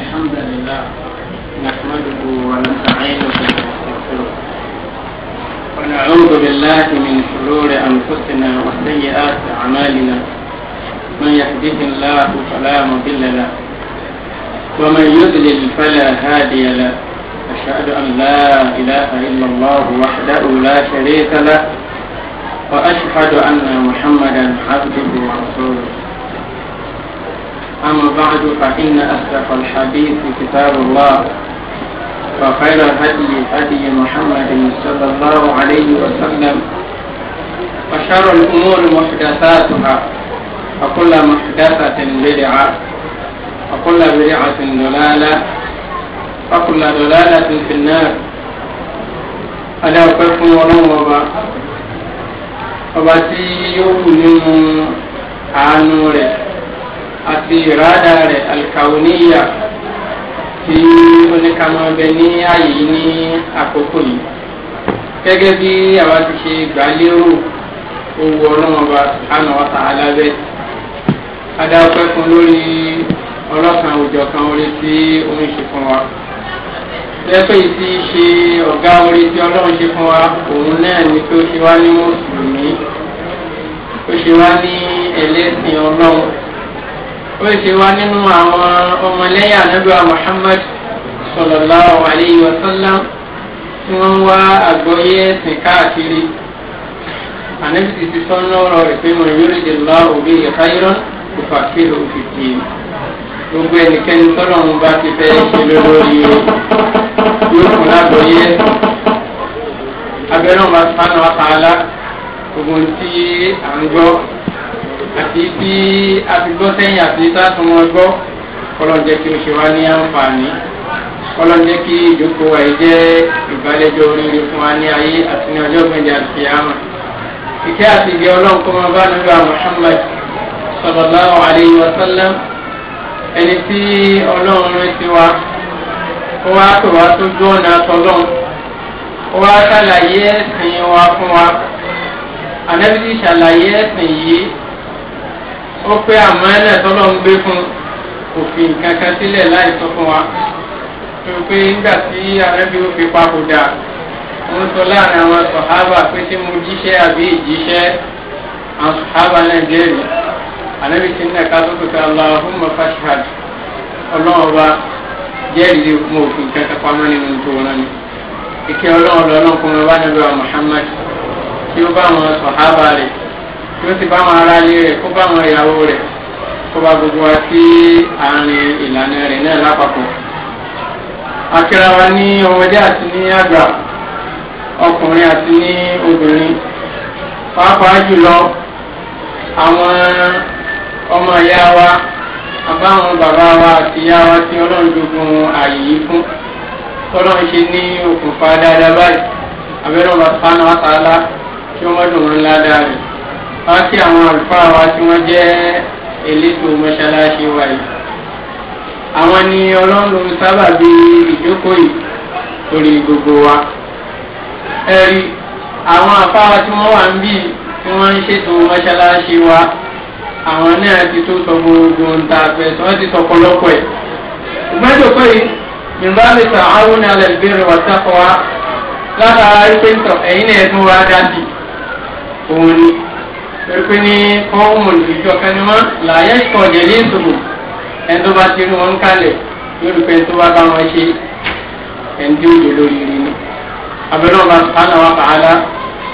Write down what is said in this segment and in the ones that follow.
الحمد لله نحمده ونستعينه ونستغفره ونعوذ بالله من شرور انفسنا وسيئات اعمالنا من يهده الله فلا مضل له ومن يذلل فلا هادي له أشهد أن لا إله إلا الله وحده لا شريك له وأشهد أن محمدا عبده ورسوله أما بعد فإن أصدق الحديث كتاب الله وخير الهدي هدي محمد صلى الله عليه وسلم وشر الأمور محدثاتها وكل محدثة بدعة وكل بدعة ضلالة وكل ضلالة في النار ألا أكفهم ونوبا ọba tí yóò kù àti ìrádà rẹ̀ alkaoniya tí oníkàmọ́bẹ ní ààyè yìí ní àkókò yìí gẹ́gẹ́ bí àwa ti ṣe gbàlérò owó ọlọ́mọba àna ọ̀tá alábẹ́ adáwọ̀pẹ́ fún lórí ọlọ́kan òjọ̀kan orí tí ó ń ṣe fún wa lẹ́pẹ́ yìí ti ṣe ọ̀gá orí tí ọlọ́run ṣe fún wa òun náà ni pé ṣe wá ní mùsùlùmí ó ṣe wá ní ẹlẹ́sìn ọlọ́run ó ṣe wá nínú àwọn ọmọlẹ́yìn anábíà muhammad sallallahu alayhi wa sallam tí wọ́n wá àgbọ́yé ẹ̀sìn káàkiri ànábì ti ti sọ́nà ọ̀rọ̀ rẹ̀ pé wọ́n yóò ṣe lọ òbí ìkáyọ̀rọ̀ kò fà kí ló fi ti gbogbo ẹnikẹ́ni tọ́lọ̀ ń bá ti fẹ́ ṣe lórí yóò fún lágbọ́yé abẹ́rẹ́ wọn bá sánà wá tí à ń gbọ́ àti bí àfigbọ́ sẹ́yìn àti sásùn wọn gbọ́ kọlọ́njẹ́ kí o ṣe wá ní àǹfààní kọlọ́njẹ́ kí ìjókòó wa yìí jẹ́ ìbálẹ́jọ́ oríire fún wa ní ayé àti ní ọjọ́ gbẹ̀dẹ̀ àti àmà. ìkẹ́ àti ìgbẹ́ ọlọ́run kọ́ máa bá nígbà muhammad sallallahu alayhi wa sallam ẹni tí ọlọ́run rẹ̀ ti wá ó wá tó wá tó dún ọ̀nà àtọ́lọ́run ó wá ṣàlàyé ẹ̀sìn wa fún wa ànábìtì ṣàlàyé ẹ̀sìn yìí. ó pé àmọ́lẹ̀ tọ́lọ́ ń gbé fún kò fi nǹkan kan sílẹ̀ láì sọ fún wa tó pé nígbà tí arábí ó fi papòdà wọ́n sọ láàrin àwọn sọ̀hábà pé tí mo jíṣẹ́ àbí ìjíṣẹ́ àwọn sọ̀hábà náà jẹ́rìí ànábì tí ń ká sókè ọba nínú tó wọn ni ìkẹ́ Muhammad tí ó bá àwọn tí ó sì bá wọn ara lé rẹ̀ kó bá wọn ìyàwó rẹ̀ kó bá gbogbo wa sí àárín ìlànà rẹ̀ náà lápapọ̀. akíra wa ní ọmọdé àti ní àgbà ọkùnrin àti ní obìnrin pàápàá jùlọ àwọn ọmọ ìyá wa àbáwọn bàbá wa àti ìyá wa tí ọlọ́run jogun àyè yìí fún tọ́lọ́run ṣe ní okùnfà dáadáa báyìí abẹ́rẹ́ ọba sanu àtàlá tí wọ́n mọ́dún ńlá dáadáa a kí àwọn àlùfáà wa tí wọ́n jẹ́ elétò mọ́ṣáláṣí wa yìí àwọn ni ọlọ́run sábà bí ìjókòó yìí torí gbogbo wa ẹ̀rí àwọn àfáà tí wọ́n wà ń bì tí wọ́n ń ṣètò mọ́ṣáláṣí wa àwọn náà ti tó sọ gbogbo nta àfẹsọ wọ́n ti sọ pọ̀lọpọ̀ ẹ̀ ṣùgbọ́n ìjókòó yìí yorùbá mi sọ àwọn alẹ́ ìbéèrè wà sáfọ́ wa látara ẹ̀yìn ẹ̀dùn wa dá sí òun ni pé ní kọ́ọ̀mù ìjọ kan ni wọ́n làyẹ̀ ìkọ̀dẹ̀ ní ìṣòwò ẹni tó bá ti rí wọn kálẹ̀ yóò rí pé tó bá bá wọn ṣe ẹni tí ó jẹ lórí rí ni. abẹ́rẹ́ ọba sùpánà wa fàálà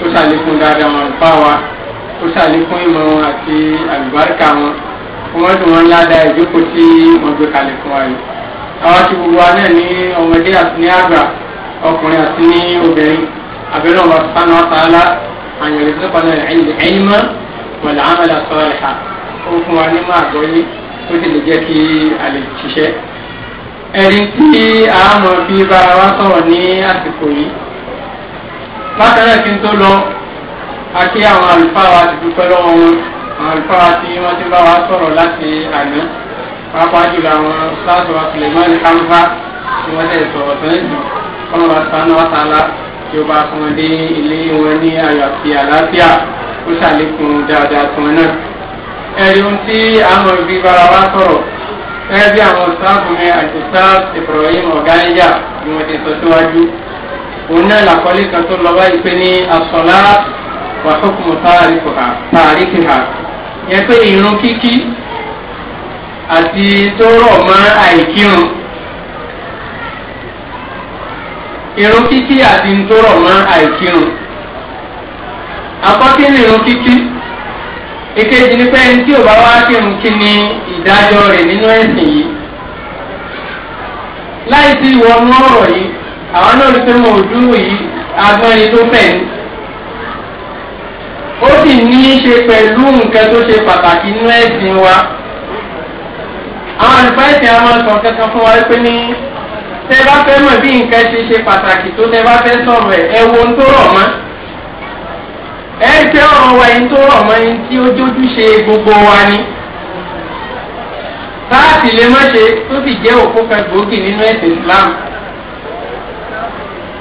ó ṣàlékún dáadáa wọn fà wá ó ṣàlékún ìmọ̀ wọn àti àlùbáríkà wọn fún wọn dùn wọn ládàá ìjókòó tí wọn gbé kalẹ̀ fún wa yìí. àwa ti gbogbo wa náà ní ọmọdé àti ní àgbà ọkùnrin àti ní obìnrin abẹ́rẹ́ ọba sùpánà wa fàálà àyẹ̀lẹ́sẹ̀ pàdé ẹ̀yìn wọ̀lá àmàlà sọ̀rọ̀ ha ó fún wa nínú àgbọ́yé ó sì lè jẹ́ kí a lè ṣiṣẹ́. ẹ̀rí tí àmọ̀ bí bára wa sọ̀rọ̀ ní àsìkò yìí látara kí n tó lọ a kí àwọn àlùfáà wa ti dúpẹ́ lọ́wọ́ wọn àwọn àlùfáà tí wọ́n ti bá wa sọ̀rọ̀ láti àná pàápàá jùlọ àwọn sáàtò wa Sulemani Kamfa tí wọ́n tẹ̀ sọ̀rọ̀ sẹ́yìn kọ́nà wa sanu wa sàlá tí ó bá fún wọn dé ilé wọn ní ayọ̀ àlàáfíà ó ṣàlékún dáadáa tán náà. ẹ̀rí ohun tí àwọn òbí bára wa sọ̀rọ̀ gẹ́gẹ́ bí àwọn sáàbù àti sáàbù Ibrahim ọ̀gáníjà ni wọ́n ti sọ síwájú. òun náà làkọ́lé kan tó lọ báyìí pé ní asọ̀lá wàhùkùmù tààríkì hà yẹn pé ìrun kíkí àti tó rọ̀ mọ́ àìkírun irun kíkí àti ntòrọ̀ mọ́ àìkírun àkọ́kí ni irun kíkí ìkejì ni pé ẹni tí ò bá wá kírun kí ni ìdájọ́ rẹ̀ nínú ẹ̀sìn yìí láì sí ìwọnú ọ̀rọ̀ yìí àwọn náà rí pé mo ò dúró yìí agbọ́nrin tó fẹ̀ ní ó sì ní í ṣe pẹ̀lú nǹkan tó ṣe pàtàkì nínú ẹ̀sìn wa àwọn àlùfáìsì àwọn ọ̀sán kankan fún wa pé ní tẹ́ bá fẹ́ mọ̀ bí nǹkan ṣe ṣe pàtàkì tó tẹ́ bá fẹ́ sọ̀rọ̀ ẹ̀ ẹ wo ohun tó rọ̀ mọ́. ẹ ń pẹ́ ọ̀rọ̀ wa ẹni tó rọ̀ mọ́ ẹni tí ó jójú ṣe gbogbo wa ni táàtì lè má ṣe tó sì jẹ́ òkú kan gbòógì nínú ẹ̀sìn Islam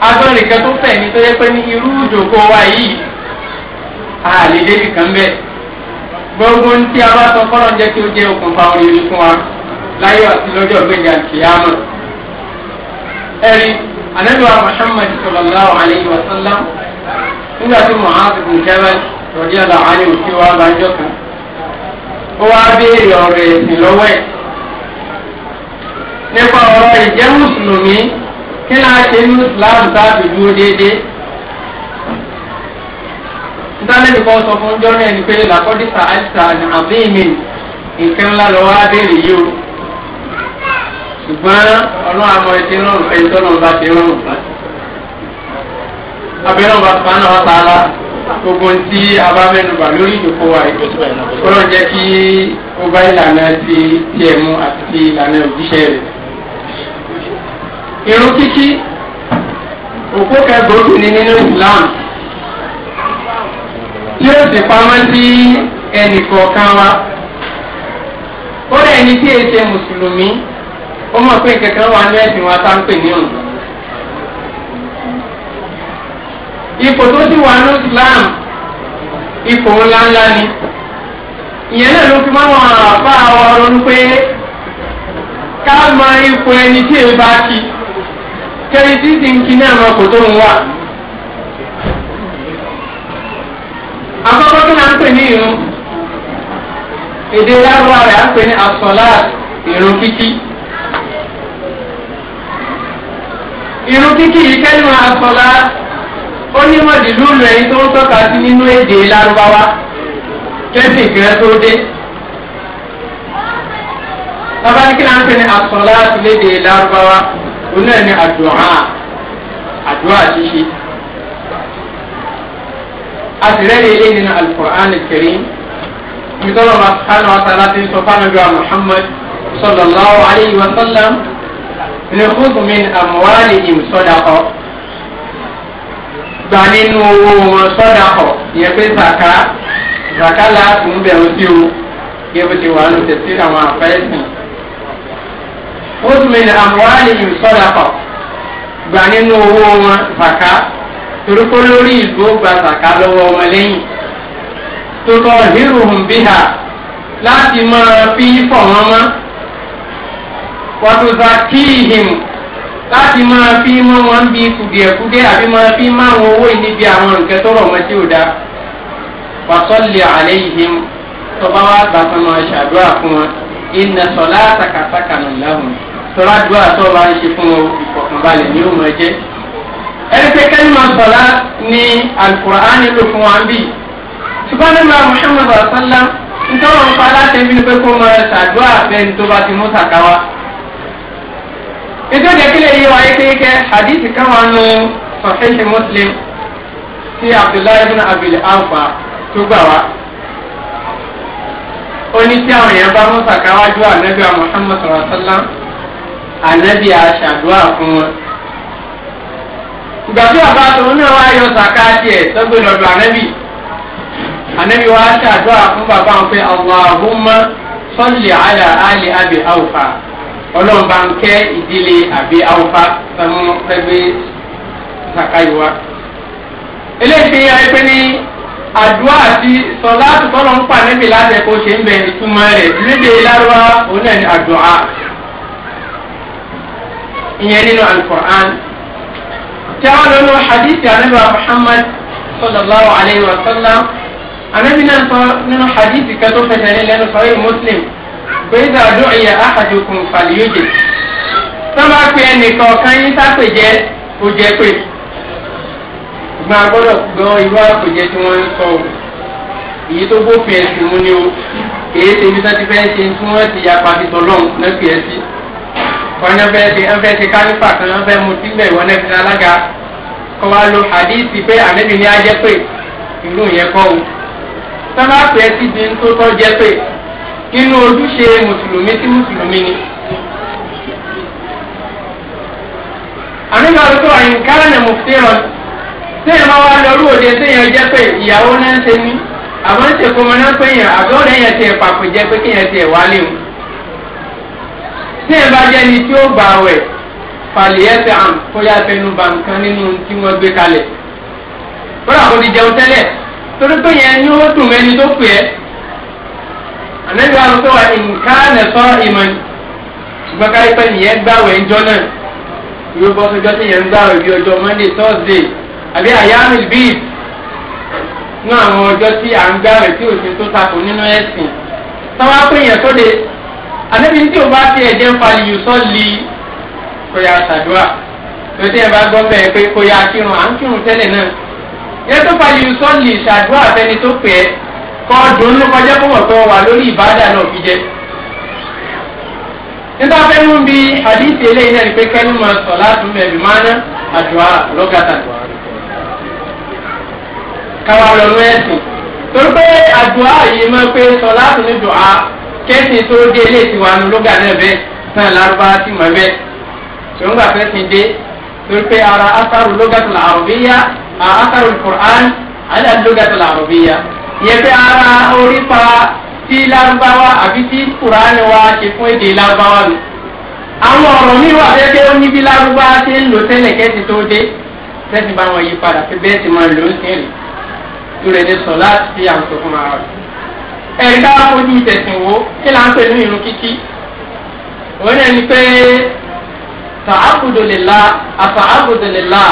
agbọ́n nìkan tó fẹ̀ ní tó yẹ pé ní irú ìjòkó wa yìí nìkan gbogbo ń tí a bá sọ fọ́nrán jẹ́ kí ó jẹ́ okùnfà oríire fún wa láyé àti lọ́jọ́ anábìwá Muhammad nígbà tí muhammed bin jabal rọ̀dí ọ̀la àlè òkè wa lájọ́ kan ó wá béèrè ọ̀rọ̀ ẹ̀sìn lọ́wọ́ ẹ̀ nípa ọ̀rọ̀ ìjẹ́ mùsùlùmí kí náà ṣe ní islam sáàbì dúró déédéé ntálẹ́bí kan sọ fún jọ́nà ẹni pé làkọ́dísà àìsà ní àbíyìnmí nǹkan ńlá lọ́wọ́ á yìí o ṣùgbọ́n ọlọ́run àmọ́ ẹtí rọrùn ẹni tọ́nà ọba ti rọrùn báyìí abẹ́rẹ́ ọba sùpánà wa tààlà gbogbo ntí abamẹnuba lórí ìdókòwò wa yìí kọlọ jẹ kí ó bá ìlànà ti tiẹ̀ mu àti ti ìlànà òjíṣẹ́ rẹ̀. irun kíkí òkú kẹgbòógì ni nínú Islam tí ó sì pamọ́ sí ẹnìkọ̀ọ̀kan wa ó rẹ̀ ní tí èsè mùsùlùmí ó mọ̀ pé kankan wà ní ẹ̀sìn wa tá ń pè ní òǹdó. ipò tó sì wà ní Islam ipò ńláńlá ni ìyẹn náà ló fi máa wọn àbá wa ronú pé ká mọ ipò ẹni tí èyí bá kí kẹrin tí ti ń kí náà mọ kò tó ń wà. àkọ́kọ́ kí náà ń pè ní irun èdè lárúbá rẹ̀ à ń pè ní asọ̀lá irun kíkí. irun kíkí yìí kẹ́lí wọn ó ní mọ̀lìlúùlù ẹni tó ń tọ́ka sí nínú èdè lárúbáwá kẹ́sì ìpínlẹ̀ tó dé. bàbá ní kí náà ń pè ní àsọ̀lá àtúlédè lárúbáwá òun náà ní àdúrà àdúrà ṣíṣe. a sì nínú alukur'an kẹrin nítorí wọn kánú àtàlà ti sọ fáwọn ìgbà muhammad sallallahu alayhi wa sallam ní kúndùmí àmúwálì ìmùsọ̀dàkọ̀ gbà nínú owó wọn sọ́dà kọ̀ ìyẹn pé zaka zaka láàbù ń bẹ̀rù sí o yẹ bó ti wà ló tẹ̀sí àwọn àfẹ́sìn. ó tún mi ní àmúhálì yìí sọ́dà kọ̀ gbà nínú owó wọn zaka torúkọ lórí ìlú ó gba zaka lọ́wọ́ wọn lẹ́yìn tó kọ́ hírùhùn bíhà láti máa fi fọ̀ wọn mọ́ wàtúzà kíhìm láti máa fi mọ́ wọn bí kùdìẹ̀kùdìẹ̀ àbí máa fi má wọn owó yìí níbi àwọn nǹkan tó rọ̀ mọ́ tí ò dáa wàsọ́lì àlẹ́ yìí tọ́ba wa gbà fún wọn ṣàdúrà fún wọn ìnà sọ̀lá àtàkàtàkà nù tọ́lá dúrà tó bá ń ṣe fún wọn ìfọ̀kànbalẹ̀ ní òun ẹ̀jẹ̀. ẹni pé kẹ́lí máa sọ̀lá ní alukur'an fún wa ń ṣùgbọ́n nígbà muhammed rasulillah ń tọ́wọ́ ètò ìjẹ́kílẹ̀ yìí wáyé pé kẹ́ àdìsí kan wà nù sọ̀hẹ́sì muslim tí abdullahi bin abil alfa tó gbà wá. ó ní tí àwọn èèyàn bá mú sàkáwájú ànábì muhammad sallallahu alaihi wa sallam ànábì àṣàdúrà fún wọn. ìgbà tí bàbá tòun náà wá yọ sàká tiẹ̀ sọ́gbẹ́ lọ́dọ̀ ànábì ànábì wá ṣàdúrà fún bàbá wọn pé allahumma salli ala ali abi awfa ọlọ́ọ̀bá ń kẹ́ ìdílé àbí awọ́fà sanu fẹ́gbẹ́ sàkáyíwá. eléyìí fi hàn pé ní àdúrà àti sọlá àtúntọ́lọ́ ń pa níbi láti ẹ̀kọ́ ṣe ń bẹ ìtumọ̀ rẹ̀ lédè lárúbá òun náà ní àdúrà ìyẹn nínú alukur'an. tí a lọ lọ hadithi anabi muhammad sallallahu alayhi wa sallam anabi náà sọ nínú hadithi kan tó fẹsẹ̀ nílẹ̀ nínú sọ̀rọ̀ muslim pèsè ọdún ìyá àkàdùkùn fàlíyòjè sọ́mà pé ẹnìkan kan yín sápèjẹ́ òjẹ́ pé ìgbà gbọ́dọ̀ gbọ́ irú àpèjẹ́ tí wọ́n ń sọ o èyí tó gbófin ẹ̀sìn mú ni o èyí tí ibi sọ́tí fẹ́ ṣe tí wọ́n ti yapa fi tọ́lọ́ lẹ́pẹ̀ ẹ̀ sí kọ́nyọ́ fẹ́ ṣe ń fẹ́ ṣe kálífà kan ń fẹ́ mu sílẹ̀ ìwọ́n náà fi ní alága kọ́ wa lo àdíìsì pé àmẹ́bí ni á jẹ́ pé ìlú yẹn o sọ́mà pé ẹ ti di ń tó tọ́ inú ojúṣe mùsùlùmí sí mùsùlùmí ni. ànígbà tó wà ní kárànà mùsùlùmí sẹ́yìn máa wá lọ lóòde sẹ́yìn ọjọ́ pé ìyàwó náà ń ṣe ní àwọn ń ṣèkó ọmọ náà pé yàn àgọ́ lẹ́yìn ẹ̀sẹ̀ ìpàkùn jẹ́ pé kéèyàn ti ẹ̀ wálé o. sẹ́yìn bá jẹ́ ni tí ó gbà wẹ̀ fàlìyẹ́sẹ̀ àm kóyá fẹnu ba nǹkan nínú tí wọ́n gbé kalẹ̀. kódà kò ti jẹun tẹ́lẹ̀ torí pé yẹn ni ó dùn mẹ́ni tó pè é ànábi wa sọ wa nǹkan sọ ìmọ̀ ṣùgbọ́n ká ipẹ́ nìyẹn gbàwẹ̀ ńjọ́ náà ìwé bọ́ sọjọ́ tí yẹn ń gbàwẹ̀ bí ọjọ́ monday thursday àbí àyàmì bíi ní àwọn ọjọ́ tí à ń gbàwẹ̀ tí òfin tó takò nínú ẹ̀sìn táwa pé yẹn tó de ànábi tí o bá ti ẹ̀jẹ̀ ń falẹ̀ sọ li kò yà ṣàdúrà lórí bá gbọ́ bẹ́ẹ̀ pé kò kírun à ń kírun tẹ́lẹ̀ náà yẹn tó falẹ̀ yìí sọ li ṣàdúrà fẹ́ni tó pè kọ́ dùnú kọjá pọ̀ tó wà lórí ìbáàdà náà fi jẹ́. nígbà fẹ́ mú bí àdìsí eléyìí náà ni pé kẹ́lú máa sọ láti mú ẹ̀mí máa ná àdùá lọ́gàtà. káwa lọ lọ ẹ̀sìn torí pé àdùá yìí máa pé sọ láti ní dùá kẹ́sìn tó dé eléyìí ti wà nù lọ́gà náà bẹ́ẹ̀ náà lárúbá ti mọ̀ bẹ́ẹ̀ sọ̀rọ̀ǹgà fẹ́ ti dé torí pé ara asaru lọ́gàtà làrùbíyà àsaru kùrán àdà yẹn pé ara orípa tí lárúbáwá àbí tí kùránì wa ṣe fún èdè lárúbáwá mi. àwọn ọ̀rọ̀ mi wà pé pé ó ní bí lárúbáwá ṣe ń lò tẹ́lẹ̀ kẹ́sì tó dé tẹ́sì bá wọn yí padà pé bẹ́ẹ̀ ti máa lò ó sí rè túrẹ̀ ní sọ láti fi àǹtò fún ara rẹ̀. ẹ̀rí ká fojú tẹ̀sìn wo kí là ń pè ní irun kíkí. òun náà ni pé tààbùdòlélá àtààbùdòlélá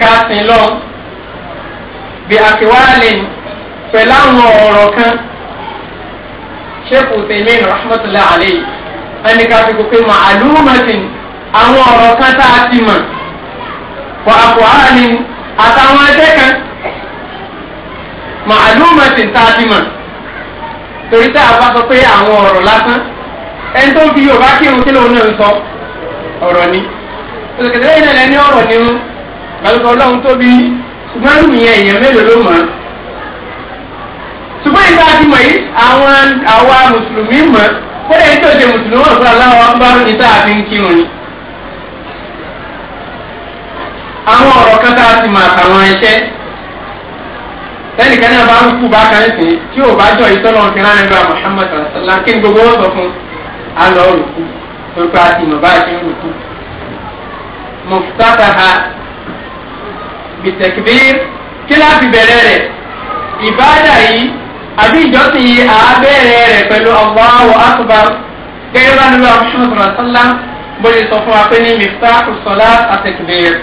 ká sin lọ bí àkèwálẹ̀ ni. pẹ̀lú àwọn ọ̀rọ̀ kan sheikh uthaymeen rahmatulah alayhi ẹni ká fi kókè mọ àlùmọ́tìn àwọn ọ̀rọ̀ kan tá a ti mọ̀ wà á kó ara ni àtàwọn ẹgbẹ́ kan mọ tá a ti mọ̀ torí tá a bá sọ pé àwọn ọ̀rọ̀ lásán ẹni tó fi yorùbá kí irun kílò náà ń sọ ọ̀rọ̀ ni òṣèkèdè lẹ́yìn náà lẹ́ni ọ̀rọ̀ ni ọlọ́run tóbi ṣùgbọ́n mélòó ló mọ̀ ṣùgbọ́n ìgbà àti mọ̀ yìí àwọn àwa mùsùlùmí mọ̀ kódà yìí tó ṣe mùsùlùmí wọn fún aláwọ̀ akpárò ní tá a fi ń kírun ni. àwọn ọ̀rọ̀ kan tá a ti mọ̀ àtàwọn ẹ̀ṣẹ́ tẹ́nìkan náà bá ń kú bákan sí tí ò bá jọ ìtọ́lọ̀ ń fi rán ẹgbẹ́ Muhammad sallá kí ni gbogbo wọn sọ fún alọ́ òrùkú pípa àti mọ̀ bá a ṣe ń rùkú. kí láti bẹ̀rẹ̀ rẹ̀ ìbáàdà yìí àbí ìjọsìn yìí àábẹ̀rẹ̀ rẹ̀ pẹ̀lú Allahu akbar gẹ́gẹ́ bá nílò àfihàn sọ̀rọ̀sọ́lá bóyá sọ fún wa pé ní mista ọ̀sọ̀lá àtẹ̀kùbẹ̀rẹ̀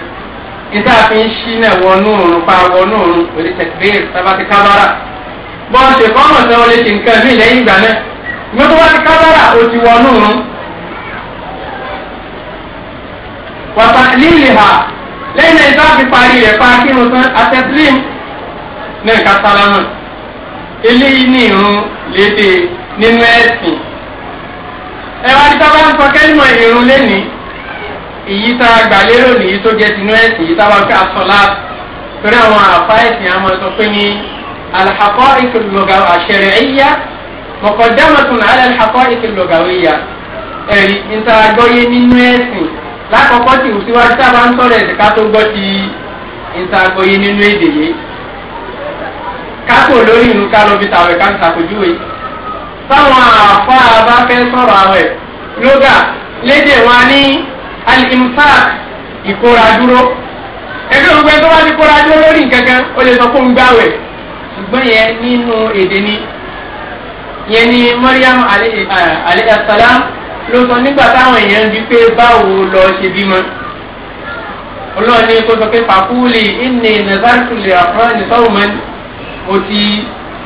ìta fi ń ṣí náà wọnú òrùn pa wọnú òrùn òdì tẹ̀kùbẹ̀rẹ̀ sábà ti kábàrà bọ́ọ̀ ṣe kọ́mọ̀ sọ wọlé ṣe nǹkan mí lẹ́yìn ìgbà náà ìgbà tó wá ti kábàrà ó ti wọnú òrùn. wàtà líle ha lẹ́yìn náà ìta fi parí rẹ̀ pa kírun eléyìí ní irun lédè nínú ẹ̀sìn ẹ wá ní sábà ń sọ kẹ́lìmọ̀ irun lẹ́ni èyí tá a gbà lérò nìyí tó jẹ́ tinú ẹ̀sìn èyí táwa ń ká sọ láti torí àwọn àfa ẹ̀sìn àmọ́ sọ pé ní alhakọ́ ìkìlọ̀gà àṣẹrẹ̀ ẹ̀yà mọ̀kàndámọ̀tún alẹ́ alhakọ́ ìkìlọ̀gà ẹ̀yà ẹ̀rí ìtàgọ́yé nínú ẹ̀sìn lákọ̀ọ́kọ́ tì kákò lórí ìlú ká lọ bí tàwẹ̀ ká ń ṣàpèjúwe. táwọn àfa bá fẹ́ sọ̀rọ̀ àwẹ̀ lóga lédè wa ní alimsak ìkóra dúró. ẹgbẹ́ òkúgbẹ́ tó bá ti kóra dúró lórí nkankan ó lè sọ fún gbàwẹ̀ ṣùgbọ́n yẹn nínú èdè ni yẹn ni Mariam alayhi salam ló sọ nígbà táwọn èèyàn ń bi pé báwo lọ ṣe bímọ olóòní kó sọ pé fàkúlì ìní nàzàtúlì àfúrán ní sọ́wọ́mọ́ni mo ti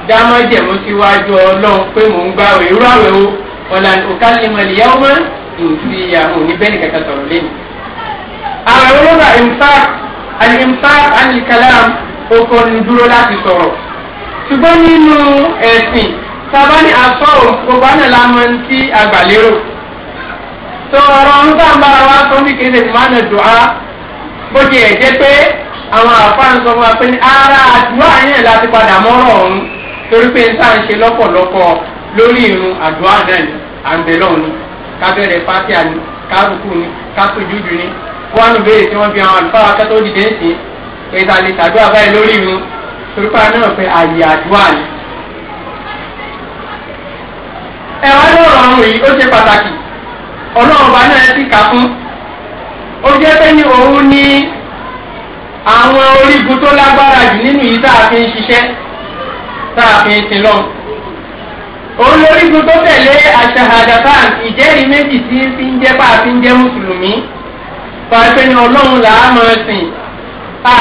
dámọ́jẹ̀ mo ti wájú ọlọ́run pé mò ń gbàwẹ̀ irú àwẹ̀ o ọ̀là òkàlìmọ̀ ìyá ọmọ ìhùsí ìyàwó ní bẹ́ẹ̀ni kẹta sọ̀rọ̀ lẹ́nu. àwẹ̀ olóba imfaq alimfaq alikalam oko ni dúró láti sọ̀rọ̀ ṣùgbọ́n nínú ẹ̀sìn sábàní asọ́ òkúba náà la mọ ti àgbàlérò sọ̀rọ̀ ń sábà wá sọ́mí kéde mánà dùá bó ti ẹ̀ jẹ́ pé àwọn àfáàn sọ fún wa pé ní ara àdúrà yẹn láti padà mọ́rọ̀ ọ̀run torí pé nta ń ṣe lọ́pọ̀lọpọ̀ lórí irun àdúrà náà ni àǹbẹ̀lọ́ ni kábẹ́rẹ́ fátíà ni kábùkù ni kápẹ́júdù ni wọ́n á béèrè tí wọ́n fi àwọn àlùfáà akẹ́tọ́ dìde ń sìn ètò àlè tàdúrà báyìí lórí irun torí pé anáà pé àyè àdúrà ni. ẹ̀wá lọ́rọ̀ ọ̀run yìí ó ṣe pàtàkì ọlọ́run náà ti kà fún ó jẹ́ pé ní òun ní àwọn orígun tó lágbára jù nínú yìí tá a fi ń ṣiṣẹ́ tá a fi ń sin lọ́n. òun lórígun tó tẹ̀lé àṣàhàdàfàn ìjẹ́rìí méjì tí fi ń jẹ́ bá a fi ń jẹ́ mùsùlùmí. pàṣẹ ni ọlọ́run là á máa sìn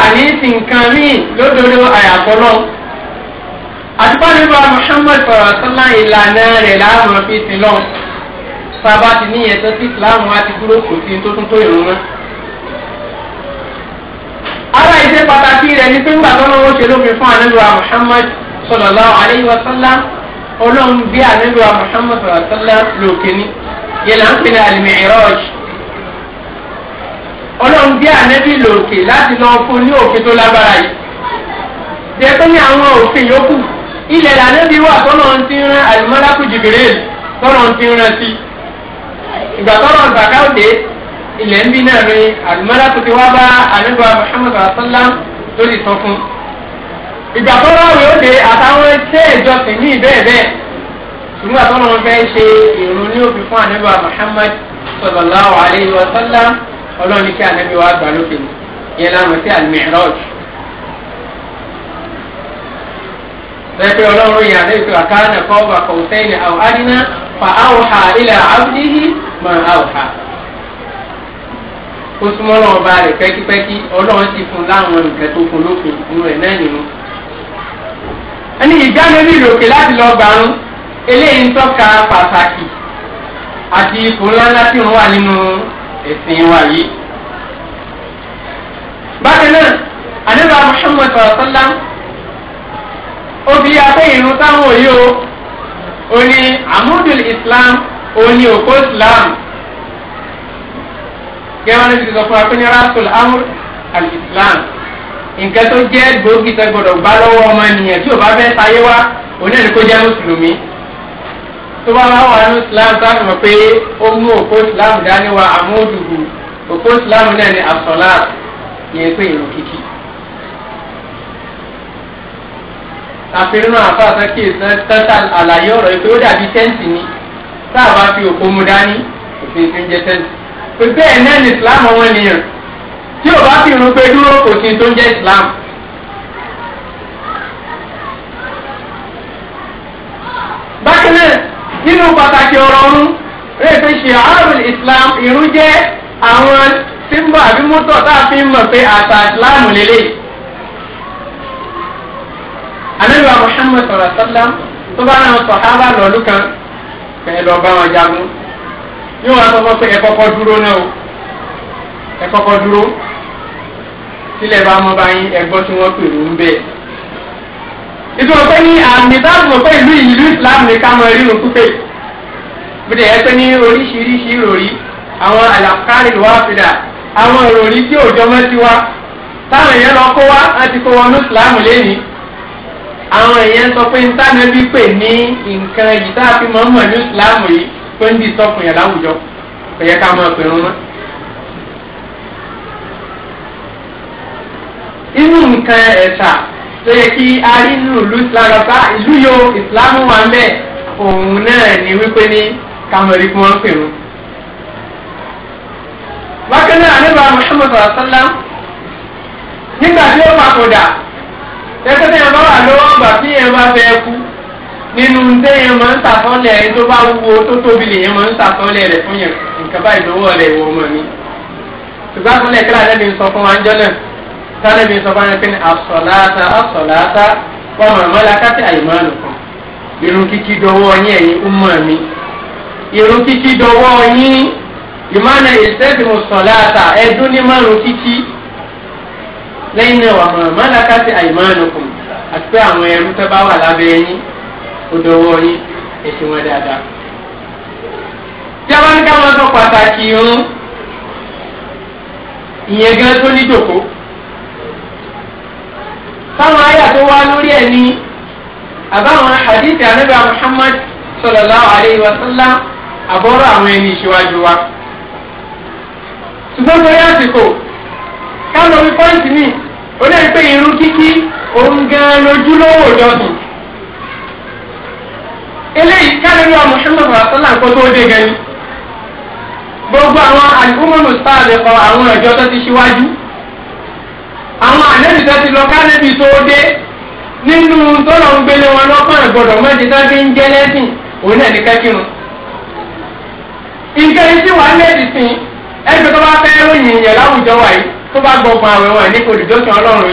àní sìn nǹkan míì lódodo àyàfọ́lọ́. àtúbọ̀ nípa Muhammad fọ̀rọ̀sọ́lá ìlànà rẹ̀ là á máa fi sin lọ́n. sábà ti níyẹn tó sí ìsìláàmù á ti dúró kò sí tó tún tó ìrún náà ara ìṣe pàtàkì rẹ̀ ni pé ńgbà tọ́lọ́ wọn ṣe lómi fún ànábìwá Muhammad sallallahu alaihi wasallam ọlọ́run bí ànábìwá Muhammad sallallahu alaihi wasallam lòkè ní yẹlẹ ń pè ní al-Mi'raj ọlọ́run bí ànábì lòkè láti lọ fún ní òfin tó lágbára yìí jẹ́ pé ní àwọn òfin yòókù ilẹ̀ lànàbí wà tọ́lọ́ ti ń ran al-Malaku ti ń sí ìgbà tọ́lọ́ ìgbà káwọ́ dé ilẹ̀ ń bí náà ni àlùmọ́lá tó ti wá bá àlùbọ̀ Muhammad asọ́lá tó ti sọ fún. ìgbà tó ráwé ó de àtàwọn iṣẹ́ ìjọsìn ní ìbẹ́ẹ̀ bẹ́ẹ̀ ṣùgbọ́n àtọ́nà wọn fẹ́ ṣe ìrun ní òfin fún àlùbọ̀ Muhammad sallallahu alaihi wa sallam ọlọ́run kí àlùbí wa gbà lókè yẹn lánàá sí al-Mi'raj. bẹ́ẹ̀ pé ọlọ́run yìí àlẹ́ ìtura káàdà ó súnmọ́ lọ́wọ́ bá rẹ̀ pẹ́kípẹ́kí ọlọ́run ti fún láwọn nǹkan tó fún lófin inú rẹ̀ náà nínú. ẹni ìjánu ní ìlòkè láti lọ gbàrún eléyìí ń tọ́ka pàtàkì àti ipò ńláńlá tí wọ́n wà nínú ẹ̀sìn wa yìí. bákan náà àníbà Muhammad sọ̀rọ̀sọ́lá obì abẹ́yìnrún táwọn òye o ò ní amúdùl Islam ò ní òkú Islam yẹ́wọ́n ní sísọ fún akúnyẹ́ rasul amur al-islam nǹkan tó jẹ́ gbòógì tó gbọdọ̀ gbá lọ́wọ́ ọmọ ènìyàn tí ò bá fẹ́ sáyé wá òní ẹni kó jẹ́ mùsùlùmí tó bá wà wà ní islam sáà mọ̀ pé ó mú òkú islam dání wa àmúdùgù òkú islam náà ní asọ́lá yẹn pé ìrùn kíkì. àfihàn àfàṣà kìí san tẹ́tà àlàyé ọ̀rọ̀ yìí pé ó dàbí tẹ́ǹtì ni tá a bá fi òkú mu dání òfin fi ń jẹ kò ẹ̀ náà ní islam ọmọ ènìyàn tí ò bá fi irun pé dúró kò sí tó ń jẹ́ islam. bákan náà nínú pàtàkì ọ̀rọ̀ ọ̀run rẹ̀ ti ṣe àárùn islam irun jẹ́ àwọn símbọ̀ àbí mọ́tò tá a fi mọ̀ pé àṣà islam lélẹ̀. ànábì wa muhammad sallallahu alaihi wa sallam tó bá náà sọ̀hábà lọ́lú kan pẹ̀lú ọba wọn jagun yóò wá sọ́kọ́ pé ẹ kọ́kọ́ dúró náà o ẹ kọ́kọ́ dúró sílẹ̀ bá mọ́ báyìí ẹgbọ́n tí wọ́n pèrò ń bẹ̀. ìtumọ̀ pé ní àmì táàbù mọ̀ pé ìlú ìlú Islam ní ká mọ ẹrínu púpẹ̀ bìtẹ ẹ pé ní oríṣiríṣi ìròrí àwọn àlàkárì wá fìdà àwọn ìròrí tí òjò mọ́ ti wá táwọn èèyàn lọ kó wá láti kó wọnú Islam lẹ́yìn àwọn èèyàn sọ pé ntánẹ́bí pè ní nǹkan yìí tá a fi mọ̀ mọ̀ ní Islam yìí pé ń di sọ́kùn yẹn láwùjọ kò yẹ ká máa pèrún mọ́. inú nǹkan ẹ̀ṣà tó yẹ kí a rí inú ìlú ìsìlámù bá ìlú yo ìsìlámù wà ń bẹ̀ òun náà ni wípé ní kàmọ́rí kí wọ́n pèrún. bákan náà nígbà nígbà tí ó papòdà tẹ́tẹ́tẹ́ yẹn bá wà lọ́wọ́ gbà tí yẹn bá fẹ́ kú nínú téèyàn máa ń sàtọ́lẹ̀ ẹni tó bá wúwo tó tóbi lèèyàn máa ń sàtọ́lẹ̀ rẹ̀ fún yẹn nǹkan báyìí lọ́wọ́ rẹ̀ wọ́n mọ̀ ní. ṣùgbọ́n àtúnlẹ̀ kíláà lẹ́bi sọ fún wa ń jọ́nà sálẹ̀ mi sọ fún wa pé ní àsọ̀láta àsọ̀láta wọ́n mọ̀ mọ́lá káfí àyèmánu kan. irun kíkí dọwọ́ yín ẹ̀yin ń mọ̀ mi. irun kíkí dọwọ́ yín ìmọ̀nà ìṣẹ́gun sọ̀láta ẹ̀dún ní márùn kíkí lẹ́yìn náà wà mọ̀ mọ́lá káfí àyèmánu àti pé àwọn ẹrú tẹ́ bá wà lábẹ́ yín ó dọwọ́ yín ètò wọn dáadáa. jábá ní káwọn sọ pàtàkì irun ìyẹn gan tó ní jòkó táwọn àyà tó wá lórí ẹ̀ ní àbáwọn àdìsí ànábà Muhammad sallallahu alaihi wa sallam àbọ̀rọ̀ àwọn ẹni ìṣíwájú wa. ṣùgbọ́n torí àsìkò ká lọ fi pọ́ǹtì míì ó lè pe irun kíkí òun gan lójú lówó ìjọsìn. eléyìí kálíwì ọmọ ṣẹlẹ̀ fàtọ́lá nǹkan tó dé gẹ́ni gbogbo àwọn àlùkùmọ̀nù sáàlì kọ àwọn ìjọ tó ti ṣíwájú àwọn ànẹ́bí tó ti lọ kálíwì tó dé nínú tọ́lọ̀ ń gbélé wọn lọ́kàn ìgbọ̀dọ̀ mẹ́jẹ tó fi ń jẹ́ lẹ́sìn òun náà ní kẹ́kìrún iṣẹ́ lẹ́sìn ẹgbẹ́ tó bá fẹ́ ìyẹn láwùjọ wa yìí tó bá gbọ̀gbọ̀n àwẹ̀ wọn ní olùjọ́sìn ọlọ́run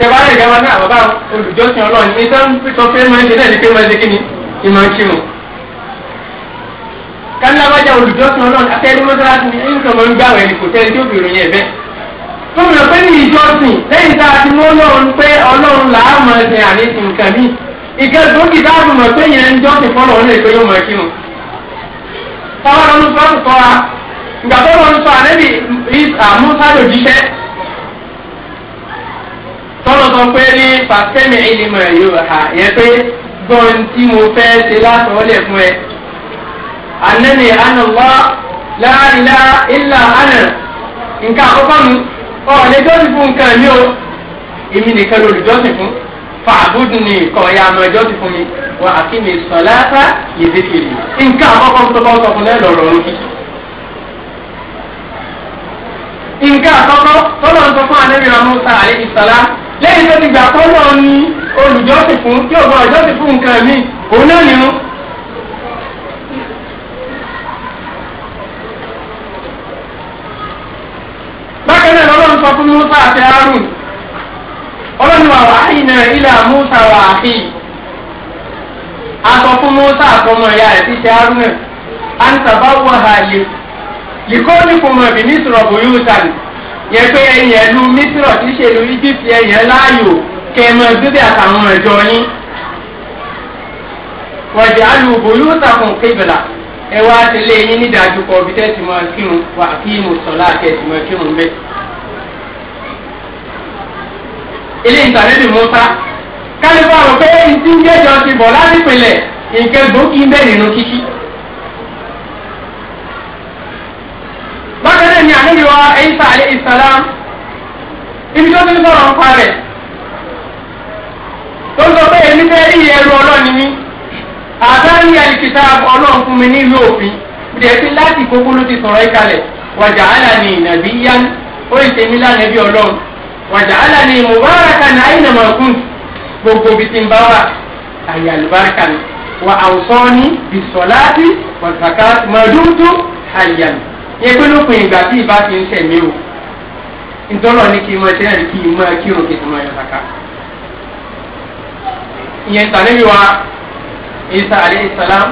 tẹ̀wá wọn olùjọ́sìn ìmọ̀ ṣe o. kánilábàjá ni kan máa ń gbàwẹ̀ ni kò tẹ́lẹ̀ tí obìnrin yẹn a ti mú ọlọ́run pé ọlọ́run là á mọ̀ ẹsẹ̀ àníṣe nǹkan mi. ìkẹ́sùn kì bá àbùmọ̀ pé yẹn ń jọ́sìn fọ́lọ́ ọ̀hún lè pé yóò mọ̀ ṣe o. táwọn ọlọ́run fọ́ọ̀kù kọ́ra ìgbà tó lọ́run sọ àlẹ́bí àmúsá lòjíṣẹ́ tọ́lọ́ sọ pé ní fàtẹ́mi gbọ́n tí mo fẹ́ ṣe látọ̀ọ́lẹ̀ fún ẹ. ànẹ́nì àná wá láàrin lá ilà àná nǹkan àkọ́kọ́ mi ọ̀ọ́lẹ́ jọ́sìn fún nǹkan mi o èmi nìkan lolùjọ́sìn fún fàbùdù ni nǹkan ọ̀yà àmọ́ ìjọ́sìn fún mi wà á kí mi sọ láta ìdíkiri nǹkan àkọ́kọ́ mi tó bá sọ fún lẹ́ lọ́rọ̀ lókì. nǹkan àkọ́kọ́ tọ́lọ́ ń sọ fún àlẹ́ mi ra mọ́ta ti gbà kọ́ olùjọ́sìn fún tí ọ̀gbọ́n àjọsìn fún nǹkan mi òun náà nínú. bákan náà sọ fún Musa àti Harun ọlọ́run wà wáyé náà ilà Musa wà asọ fún Musa àtọmọ ìyá rẹ̀ ti Harun à ń sábà wọ ààyè lìkọ́ọ̀lì fún mọ̀ bí yẹ pé mísírọ̀ kẹnu ẹjọ́ bí àtàwọn ẹjọ́ yín wọ̀jẹ̀ alùpùpù yóò sàkùn kébìlà ẹ wá tẹ̀lé yín nídàájú kọ bí tẹ́sí máa kírun wà kí mo sọ̀lá àtẹ̀sí máa kírun bẹ́ẹ̀. ilé ìtàlẹ́bì mọ́ta kálífà rò pé ntí ń jẹ́jọ́ ti bọ̀ láti pinlẹ̀ nǹkan gbòógì ń bẹ nínú kíkí. bákan náà ni wa ẹ̀yìn sàlẹ̀ ibi tó ti ń sọ̀rọ̀ ń tó ń sọ pé èmi fẹ́ rí ẹrù ọlọ́ọ̀ni mi àbárí àlìkìtà ọlọ́run fún mi ní ìlú òfin ìdẹ̀ sí láti gbogbo ló ti sọ̀rọ̀ ìkàlẹ̀ wàjà àlà ni ìnàbí yá ó lè tẹ̀mí lánàá bí ọlọ́run wàjà àlà ni mubaraka ní àyìnàmọ̀kùn gbogbo bí ti ń bá wà àyè àlùbáríkà ni wà àwùsọ́ni bí sọ̀láàtì wàzàkà mọ̀dúndú àyàn yẹ pé lópin ìgbà tí ìbá ti ń tẹ̀mí o ìtọ́lọ̀ ni kí n máa ṣe kí n máa kí n máa ìyẹn tàlẹ́bí wa Isa alayhi salam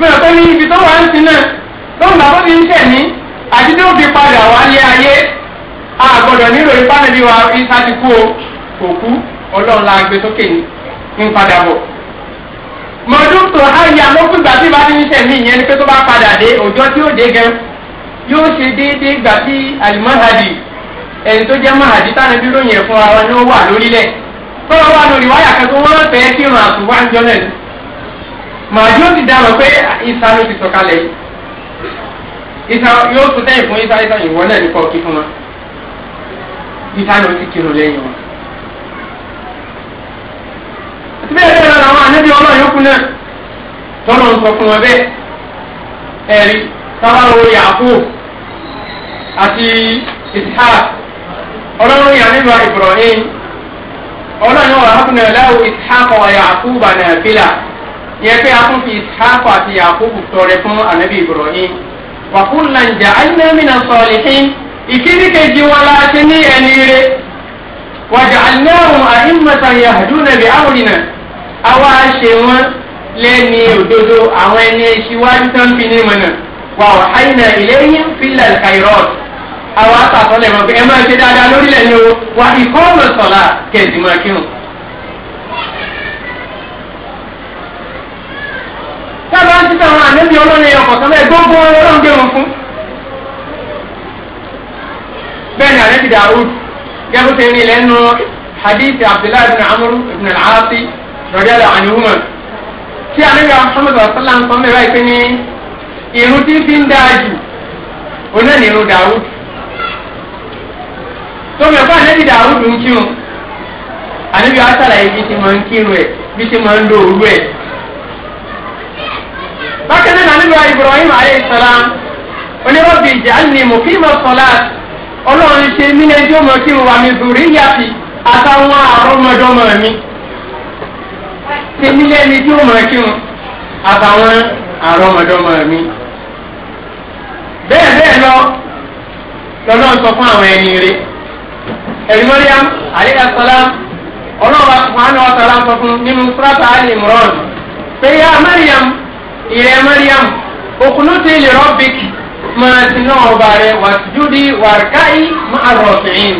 mẹ́rin tó ní ibi tó wà ń sin náà lóun làbọ́ ti ń tẹ̀ ní àdídé òbí padà wá lé ayé àgbọ̀dọ̀ nílò ìpánẹ́bí wa Isa ti kú o kò kú ọlọ́run la gbé sókè ní padà bọ̀ mọ̀ọ́dún tó háyà lókùn ìgbà tí bá ti ń tẹ̀ ní ìyẹn ni pé tó bá padà dé òjò tí ó dé gan yóò ṣe déédéé ìgbà tí alimahadi ẹni tó jẹ́ mahadi tánibí lóyìn ẹ̀fọn ara ni ó wà lórílẹ̀ tọ́lá wà lórí wáyà kan tó wọ́n fẹ́ kí irun àtúwá ń jọlẹ̀ màjú ó ti dáná pé ìsa ló ti sọ̀kalẹ̀ yìí ìsa yóò tún tẹ́yìn fún ìsa ìsa ìwọ náà nípa òkè fún wọn ìsa ló ti kírun lẹ́yìn wọn. àti bẹ́ẹ̀ bẹ́ẹ̀ lọ́la àwọn àníbi ọlọ́run yókù náà tọ́lọ́ ń sọ fún wọn bẹ́ẹ̀ ẹ̀rí sábàwò yàkó àti ìsìkà ọlọ́run yà ọlọ́run wà fún ẹ̀láwó ìsáàkọ̀ yàkúbà nàfílà yẹ pé a tún fi ìsáàkọ̀ àti yàkúbù tọrẹ fún ànábì ibrahim wà fún nàìjà ayélujára sọ̀lìhín ìkíni kejì wọn la ti ní ẹni rẹ wàjà aláwọ̀ àhímọ̀tà yàdúnà bí àwòrán àwa ṣe wọn lẹ́ni òdodo àwọn ẹni ṣíwájú tán fi ní mọ̀nà wà wà áyìnà ìlẹ́yìn fílẹ̀ kairọ́ọ̀tù àwọn àtàkọ́lẹ̀ wọn pé ẹ máa ṣe dáadáa lórílẹ̀ yìí o wà ìkọ́ọ̀mù sọ̀la kẹ̀sì máa kírun. sábà ń títà àwọn àlejò ọlọ́run ẹ̀yọ kọ̀ọ̀kan bẹ́ẹ̀ gbogbo ọlọ́run gbé wọn fún. bẹ́ẹ̀ ni àlejò dàrúd gẹ́gẹ́ tẹ́ ní ilẹ̀ nù hadith abdullahi ibn amr ibn al-aasi radiyallahu anhuma tí àlejò muhammadu wa sallam sọ mẹ́rin irun tí fi ń dáa jù onáà ní irun dàrúd tọ́mọ̀ ẹ̀fọ́ ànábì dàrúdù ń kírun ànábì wa sàlàyé bí ti máa ń kírun ẹ̀ bí ti máa ń lo ẹ̀. bákan náà sọ̀lá ọlọ́run ṣe mọ̀ kí wà mí zùrí yàtì àtàwọn ṣe mọ̀ kí àtàwọn bẹ́ẹ̀ bẹ́ẹ̀ lọ lọ́lọ́run sọ fún àwọn ẹni rẹ̀. ẹ̀rí mọ́ríyàm àríyàsọ́lá ọlọ́wà wàhánà ọ̀sọ̀lá tuntun nínú sọ́tà àlè mìíràn pé yá mọ́ríyàm ìrẹ́ mọ́ríyàm òkùnútì lè rọ́bìkì máa ti ná ọba rẹ̀ wà júdi wàrkáì máa rọ̀ fìyìn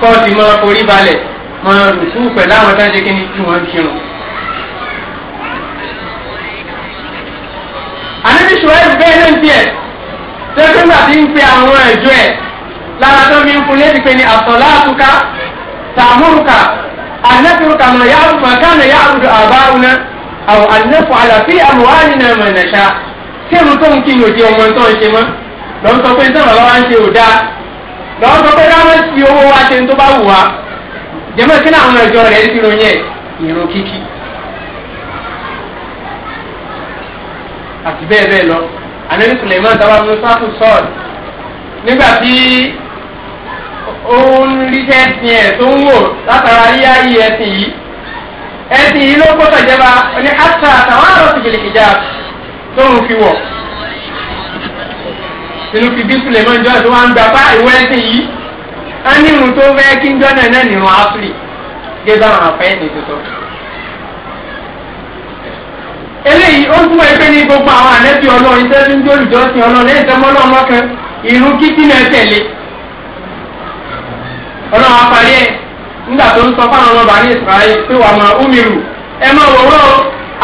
kọ́ọ̀tì máa forí balẹ̀ máa rùkú pẹ̀lú àwọn tó ń ṣe kíni tí wọ́n ń kírun. àníbi ṣùgbọ́n bẹ́ẹ̀ ló ń tiẹ̀ tẹ́gbẹ́gbà ti ń pe àwọn ẹ̀jọ́ ẹ̀ lára tó mi ń fún lébi pé ni àtọ̀lá àtúkà tàmúrùkà ànẹ́tùrùkà mọ̀ yá màkànà yá àbùdù àbáwùnà àwọn ànẹ́fọ̀ àlàfí àmúhání náà mọ̀ nàṣà kí ẹnu tó ń kí ni òjì ọmọ tó ń ṣe mọ́ lọ́n sọ pé nítorí bàbá wa ń ṣe ò dáa lọ́n sọ pé dáhùn sí owó wa ṣe ń bá wù wá jẹ́mọ́ kí náà àwọn ẹ̀jọ́ rẹ̀ ń tiro yẹn ìró kíkì àti bẹ́ẹ̀ bẹ́ẹ̀ lọ ànẹ́bí nígbà tí òun ríṣẹ́ ẹ̀sìn ẹ̀ tó ń wò látara yíyá yí ẹ̀sìn yìí ẹ̀sìn yìí ló kó sọ̀jọba ní àṣà àtàwọn àròsì jìlìkìjà tó ń fi wọ̀ fi bí sulemọ ìjọ tó wá ń gbà bá ìwé ẹ̀sìn yìí á ní irun tó fẹ́ kí njọ́ náà náà nìrun áfírí gé bá àwọn tuntun. eléyìí ó túmọ̀ ẹgbẹ́ ní gbogbo àwọn ọlọ́run ọlọ́run apáyé nígbà tó ń sọ fáwọn ọmọ bàálí israẹli pé wà máa umiru ẹ máa wòró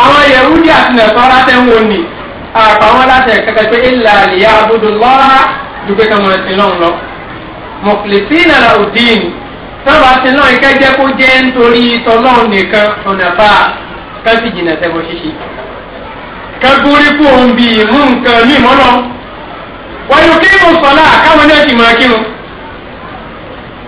àwọn yẹ̀wúdí àti nẹ̀fọ́ látẹ̀ ń wò ní àbáwọn látẹ̀ kẹ̀kẹ́ pé ilà àlìyá abudu lọ́ra ju pé kàn máa sin lọ́run lọ. mọ̀kìlìsí nàrà òdìn sábà sin náà ikẹ́ jẹ́ kó jẹ́ nítorí tọ́lọ́run nìkan ọ̀nà bá ká sì jìnà sẹ́wọ̀n ṣíṣe. kẹ́gbórí kú òun bíi mú nǹkan mímọ́ lọ. wọ́n yóò kí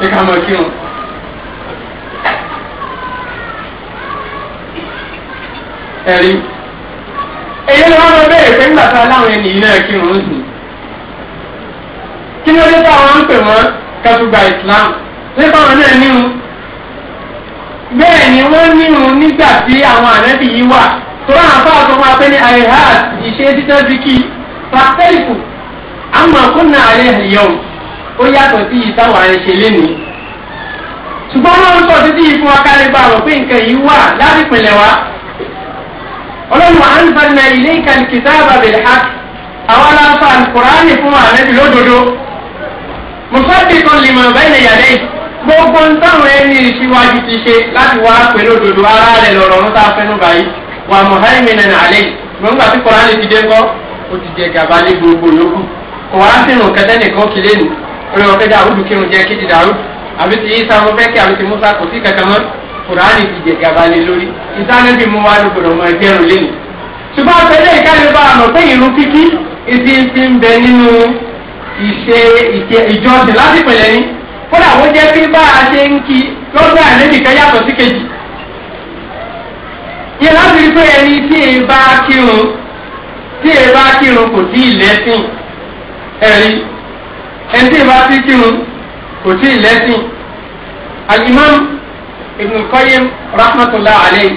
ṣé ga mọ kí wọn. eyi èyí ni wọ́n lọ bẹ́ẹ̀ pé nígbà tá a láwọn ẹni yìí náà kí wọ́n sì kí ló dé táwọn ń pè wọ́n kẹtùgbà Islam nípa wọn náà níhun bẹ́ẹ̀ ni wọ́n níhun nígbà tí àwọn ànábì yìí wà tó rà án fáwọn tó máa pé ní àyèhà ìṣe títẹ́ na àyè ẹ̀yọ́ ó yàtọ̀ sí yìí táwọn àrẹ ṣe lénìí ṣùgbọ́n ọlọ́run sọ títí yìí fún akálẹ́gbà rọ̀ pé nǹkan yìí wà láti pinlẹ̀ wá ọlọ́run à ń fana ilé ìkàlìkìtà àbàbẹ̀lẹ̀ ha àwọn aláǹfà àlùkùránì fún àrẹ́bí lódodo mùsàdìkan lè mọ̀ bẹ́ẹ̀ lè yàrá yìí gbogbo ń táwọn ẹni ìṣíwájú ti ṣe láti wá pẹ̀lú òdodo ara rẹ̀ lọ̀rọ̀ ọ̀run tá a fẹ́nu báyìí wà mọ̀háìmìnà ọlọ́run ọ̀fẹ́ dàrúdù kírun jẹ́ kí ti dàrú àbí ti yíṣà wọn fẹ́ kí àbí ti musa kò sí kankan mọ́ kùránì ti jẹ gàba lé lórí ìtànẹ́bí mú wa ló gbọdọ̀ mọ ẹgbẹ́rún lẹ́nu. ṣùgbọ́n àtẹ̀lé ìkálẹ́bà àmọ̀ pé ìrún kíkí ìdí ti ń bẹ nínú ìṣe ìjọsìn láti pẹ̀lẹ́ ní kódà wọ́n jẹ́ pé bá a ṣe ń kí lọ́dọ̀ àlejò kan yàtọ̀ sí kejì. yẹ láti rí pé ẹni tí e bá kírun tí e bá kírun kò sí ìlẹ́sìn ẹ̀rí. ẹni tí ìbá ti kírun kò tí ì alimam ibn qayyim rahmatulah alayhi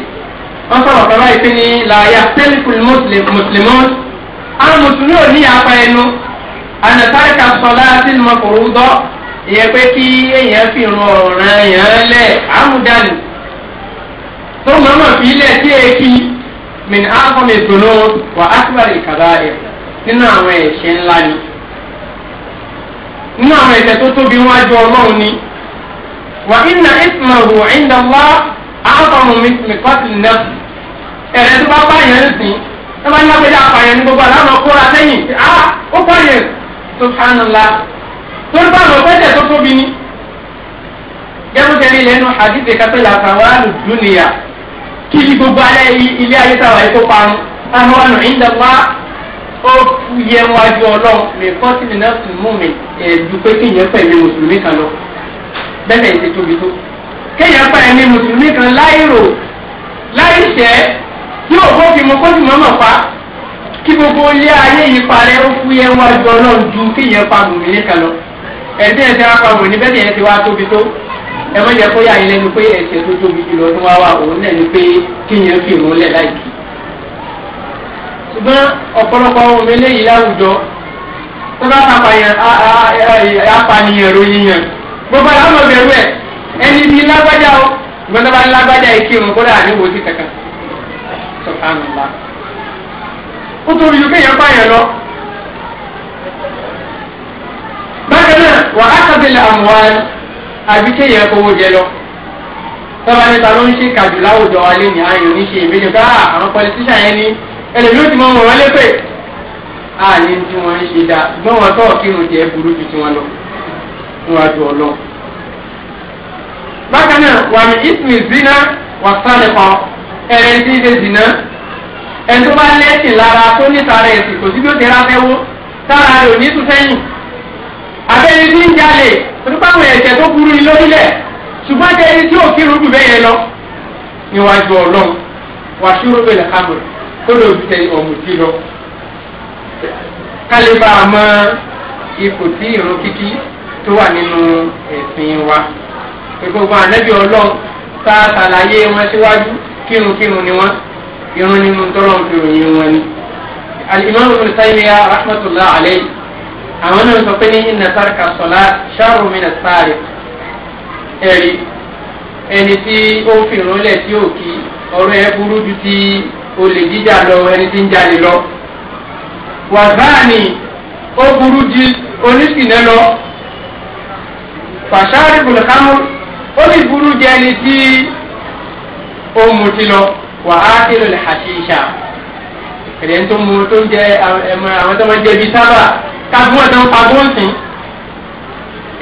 wọ́n sọ̀rọ̀ kọ́ báyìí pé ní làyà tẹ́lifù mùsùlùmọ́ àwọn mùsùlùmí ò ní apá ẹnu ànàtàkà sọlá sí mọ̀kòrúdọ́ ìyẹn pé kí èèyàn fi ọ̀ràn lẹ̀ tó mọ̀mọ́ fi lẹ̀ sí èkì mìn áfọ̀mì dùnú wà á ti bá lè kàbá rẹ̀ nínú àwọn ẹ̀ṣẹ̀ ńlá ni. nínú àwọn ẹ̀ṣẹ̀ tó tóbi wájú ọlọ́run ni wà inda àbọ̀mù mi mi ẹ̀rẹ́ tó bá bá yẹn ń sìn ẹ bá apààyàn ní gbogbo á ah, ni lẹ́nu àdìsẹ́ kápẹ́lá àtàwọn kí gbogbo alẹ́ ilé ayé ó yẹ wájú ọlọ́run lè kọ́ sí nínú ẹ̀sùn mú mi èdè pé kí ìyẹn pẹ̀lú mùsùlùmí kan lọ bẹ́ẹ̀ ti tóbi tó kéèyàn pẹ̀lú ẹni mùsùlùmí kan láìrò láìṣẹ́ tí òkú fi mọ kóòtù mọ́mọ́ pa kí gbogbo ilé ayé yìí parẹ́ ó fú yẹ wájú ọlọ́run ju kí ìyẹn pa mùsùlùmí kan lọ ẹ̀dín ẹ̀dín apá wò ní bẹ́ẹ̀ yẹn ti wá tóbi tó ẹ mọ̀ jẹ́ kó yà yín lẹ́nu pé ẹ̀ṣẹ̀ tó tóbi jùlọ ní wá wà òun náà ni pé kí ìyẹn ṣùgbọ́n ọ̀pọ̀lọpọ̀ ohun eléyìí láwùjọ tó bá pàpàyàn apànìyàn ròyìn yàn gbogbo àwọn ọmọ bẹ̀rù ẹni bíi lágbájá o bá lágbájá kódà níwò sí kankan ó tóbi ju kéèyàn lọ. bákan náà wà á àbí kéèyàn kówó jẹ lọ tọ́ba níta ló ń ṣe kàjù láwùjọ ní ayọ̀ ah, àwọn pọlitíṣà yẹn ní ẹlẹ́mi ó ti mọ wọn wọlé pé àní tí wọ́n ń ṣe dáa gbọ́n wọn tọ́ kírun jẹ́ burú ju tiwọn lọ fún wájú ọlọ́run. bákan náà wà ní ismi zina wà sálẹ̀ kan ẹ̀rẹ́ tí ń ṣe zina ẹni tó bá lẹ́sìn lára tó níta rẹ̀ sì kò sí bí ó ti ráfẹ́ wó tára rẹ̀ ò ní tún sẹ́yìn. abẹ́ni tí ń jalè onípàwọn ẹ̀jẹ̀ tó burú ni lórílẹ̀ ṣùgbọ́n jẹ́ ẹni tí ò kírun jù bẹ́ẹ̀ yẹn lọ níwájú ọlọ́run wà ṣúrò bẹ̀rẹ̀ kámẹ́rẹ́ ó lè tẹ ọ̀mùtí lọ kálí bá a mọ ipò tí ìrun kíkí tó wà nínú ẹ̀sìn wa gbogbo ànábì ọlọ́run tá a ṣàlàyé wọn síwájú kírunkírun ni wọn irun nínú tọ́lọ̀ ń fi ròyìn wọn ni. alimami ibn Taymiya rahmatulah alayhi àwọn náà sọ pé ní inna tarka salat sharru min as-sariq ẹ̀rí ẹni tí ó fi ìrun tí ó kí ọ̀rọ̀ ẹ̀ burú ju ti olè jíjà lọ ẹni tí ń jalè lọ wàzáàní ó burú ju onísìnẹ lọ fàṣáàrí bùrùkámù ó ní burú ju ẹni tí ó mutí lọ wàá kéré lè hàṣíṣà ẹ̀rẹ̀ tó mu tó ń jẹ àwọn tó máa ń jẹ bíi sábà káfíńwá tó ń pa bóńsìn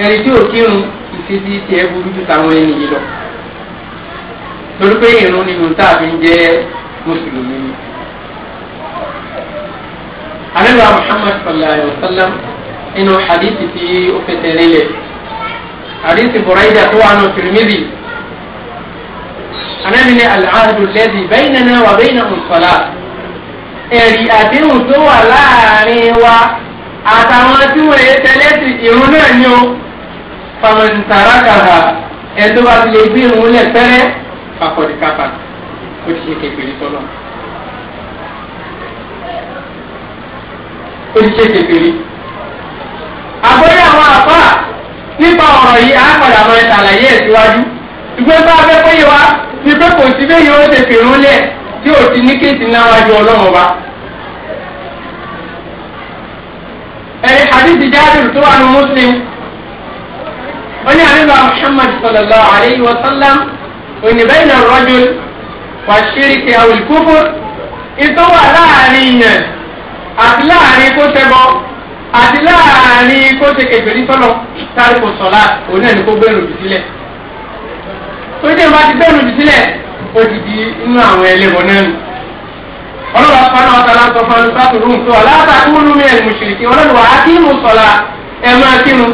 ẹni tí ò kírun ìṣesí tiẹ̀ burú ju táwọn ẹni yìí lọ lórí pé ìrún nínú tá a fi ń mùsùlùmí ni. àlejò صلى الله عليه وسلم إنه حديث في tí حديث بريدة هو عن buraida أنا من العهد الذي بيننا al'adu lẹ́dí bẹ́ẹ̀nana wà bẹ́ẹ̀nà mùsọ̀lá ẹ̀rí àdéhùn tó wà láàrin wa àtàwọn tí wọ́n yẹ tẹ́lẹ̀ sí náà ni ó fàmìntàrà kàrà ẹ̀ tó bá fi lè gbé ìrún lẹ̀ fẹ́rẹ́ fàkọ̀dìkàpà ó ti ṣe kékeré tọ́lọ̀ ó ti ṣe kékeré. àgbóyè àwọn àpá nípa ọ̀rọ̀ yìí á padà máa ṣàlàyé ẹ̀ síwájú ṣùgbọ́n bá a fẹ́ péye wa ni pé kò sí bẹ́ẹ̀ yóò ṣe fèrún lẹ̀ tí ò ti ní kéèsì ńlá wájú ọlọ́run ọba. ẹ̀rí àdìsí jáde tó wà ní muslim wọ́n ní àríwá muhammad sallallahu alayhi wa sallam òní bẹ́ẹ̀ náà rọ́jò wàṣíríkì àwòlùkúfù ìtọ́ wà láàrin yẹn àti láàrin kó ṣẹbọ àti láàrin kó ṣe kẹfìrí sọlọ tárìkù sọlá òun náà ni kó gbẹrù jù sílẹ̀ tó jẹ́ bá ti gbẹrù jù sílẹ̀ ó ti di inú àwọn ẹlẹ́wọ̀n náà nù ọlọ́wà fana ọ̀tá láǹtọ̀ fana lùsàtò rúùn tó wà látàkùn lùmí ẹ̀ mùsùlùmí ọlọ́wà á kí mú sọlá ẹ̀ máa kírun.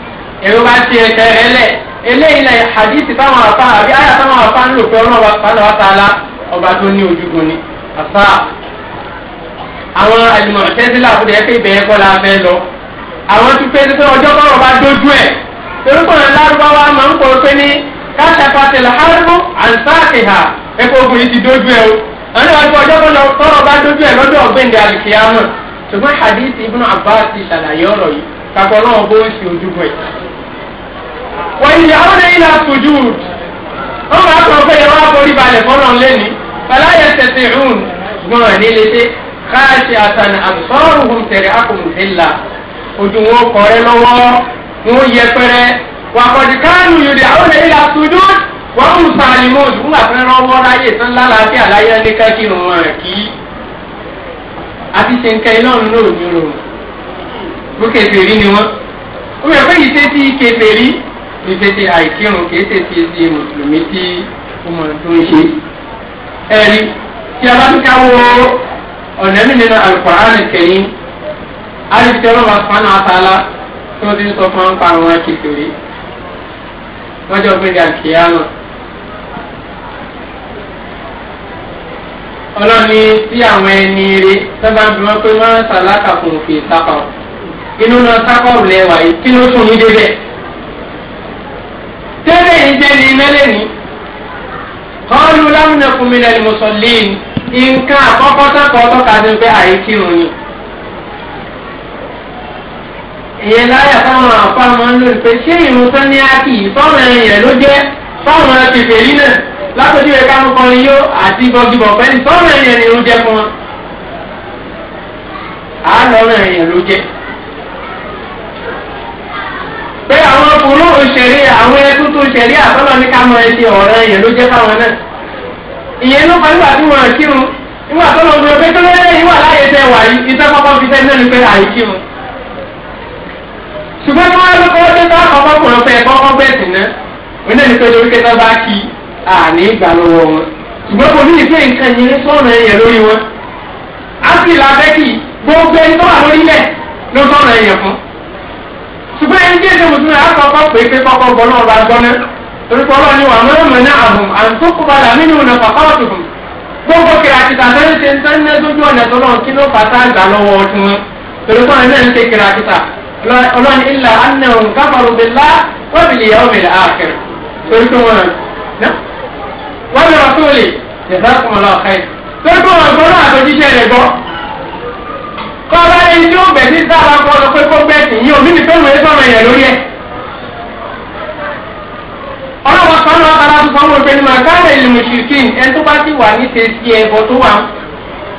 èrò bá ti ẹ̀kẹ́ rẹ lẹ̀ eléyìí lẹ̀ afa àbí àyà táwọn afa ń lò pé ọlọ́wà sálọ ọba tó ní ojúgun ni àfa àwọn àjùmọ̀ tẹ́sílà fúnra ẹ̀ pé ìbẹ̀rẹ̀ kọ́ la fẹ́ lọ àwọn ti pé pé ọjọ́ bọ́rọ̀ bá dójú ẹ̀ torúkọ náà lárúbáwá máa ń kọ́ pé ní ẹ̀kọ́ yìí ti dójú ẹ̀ o ọjọ́ bá dójú ẹ̀ lọ́dọ̀ wọ́n yìí àwọn èyí là sojú wọ́n bá sọ pé ìwà àforí balẹ̀ fọ́nrán lẹ́ni fàlàyé tẹ̀sí ìrùn gbọ́n ní létí káàṣì àtàn àbùsọ̀rùhùn tẹ̀lé àkùnfìlà ojú wọn kọ̀rẹ́ lọ́wọ́ wọn yẹpẹrẹ wà kọ̀dí kánú yòdì àwọn èyí là sojú wọ́n ń sàlìmọ́ òdùnkún àfẹ́ràn ọwọ́ láyé wọn kì í àti ṣe nǹkan iná ní rò bó kẹfẹ́rí ni wọ́n wípé tí àìkírun kìí tètè di mùsùlùmí tí ó mọ̀ tó ń ṣe. ẹ̀rí tí a bá ti ká wo ọ̀nà mi nínú Al-Qur'an Al-Karim àdìsí ọlọ́wà sùpánà àtàlà tí wọ́n ti ń sọ fún wọn pa àwọn akékeré lọ́jọ́ gbé ga kìíyá náà. ọlọ́ni tí àwọn ẹni rè sábà bí wọ́n pé wọ́n ń sàlákà fún òfin sápá inú náà sápá ò yìí kí ló tún ní débẹ̀ tẹ́lẹ̀ yìí jẹ́ ní iná na kọ́ọ̀lù láwùjọ fún mi lẹ́nu mùsùlùmí nǹkan àkọ́kọ́ sọ́kọ̀ ọlọ́ka ní pé àyè kírun ni. èyí láyà táwọn àpamọ́ ń lò pé ṣé ìrun tán ní ákì fáwọn èèyàn ló jẹ́ fáwọn kẹfẹ́ yìí náà látọ̀jú ẹ̀ka ń kọrin yó àti bọ́gibọ̀ pẹ́ẹ́lí fáwọn èèyàn ni ó jẹ́ fún wọn. àá lọ́rùn èèyàn ló jẹ́. pé àwọn burú òṣèré àwọn ẹkú tó ṣẹlẹ̀ àtọ́nà ní kámọ ẹṣin ọ̀rọ̀ ẹ̀yẹ ló jẹ́ fáwọn náà ìyẹn ló pàdé wọn ìwà láyé tẹ wà yìí pápá fi pé ṣùgbọ́n tí wọ́n lọ́kọ́ tó náà náà ní pé lórí kẹta bá kí àní ìgbà lọ́wọ́ wọn ṣùgbọ́n kò ní ìfẹ́ nǹkan yẹn sọ̀rọ̀ lórí wọn. á sì làbẹ́kì gbogbo ẹni tó wà lórílẹ̀ ṣùgbọ́n ẹni tí èdè mùsùlùmí àkọ́kọ́ pé pé kọ́kọ́ bọ́ náà bá gbọ́ ni torí pé ọlọ́ọ̀ni wà mọ́ ọmọ náà àbùn ni padà nínú ọ̀nà pàpàtù bù gbogbo kìrà kìtà sẹ́ni ṣe ń sẹ́ni lójú ọ̀nà tó náà kí ló fàtà àgbà lọ́wọ́ ọdún torí pé ọ̀nà ń ṣe kìrà kìtà ọlọ́ọ̀ni ilà anahun káfàrú bẹ̀lá wọ́n bìlì yà ọ̀mẹ̀lá àkẹrẹ torí pé wọn wọ́n bẹ̀rẹ̀ tó lè jẹ̀dá kọ́mọlá torí pé kọ́ra ẹni tí ó bẹ̀ ní sára kọ́ lọ pé kó bẹ́ẹ̀sì yìí omi ní pẹ́lú ẹ̀sọ́ ọ̀rọ̀ yẹn lórí ẹ̀. ọlọ́wọ́ kan náà bá láti fọwọ́ pé ní màkàrẹ̀ ìlú mùsùlùmí ẹni tó bá ti wà ní tẹ̀sí ẹ̀bọ tó wà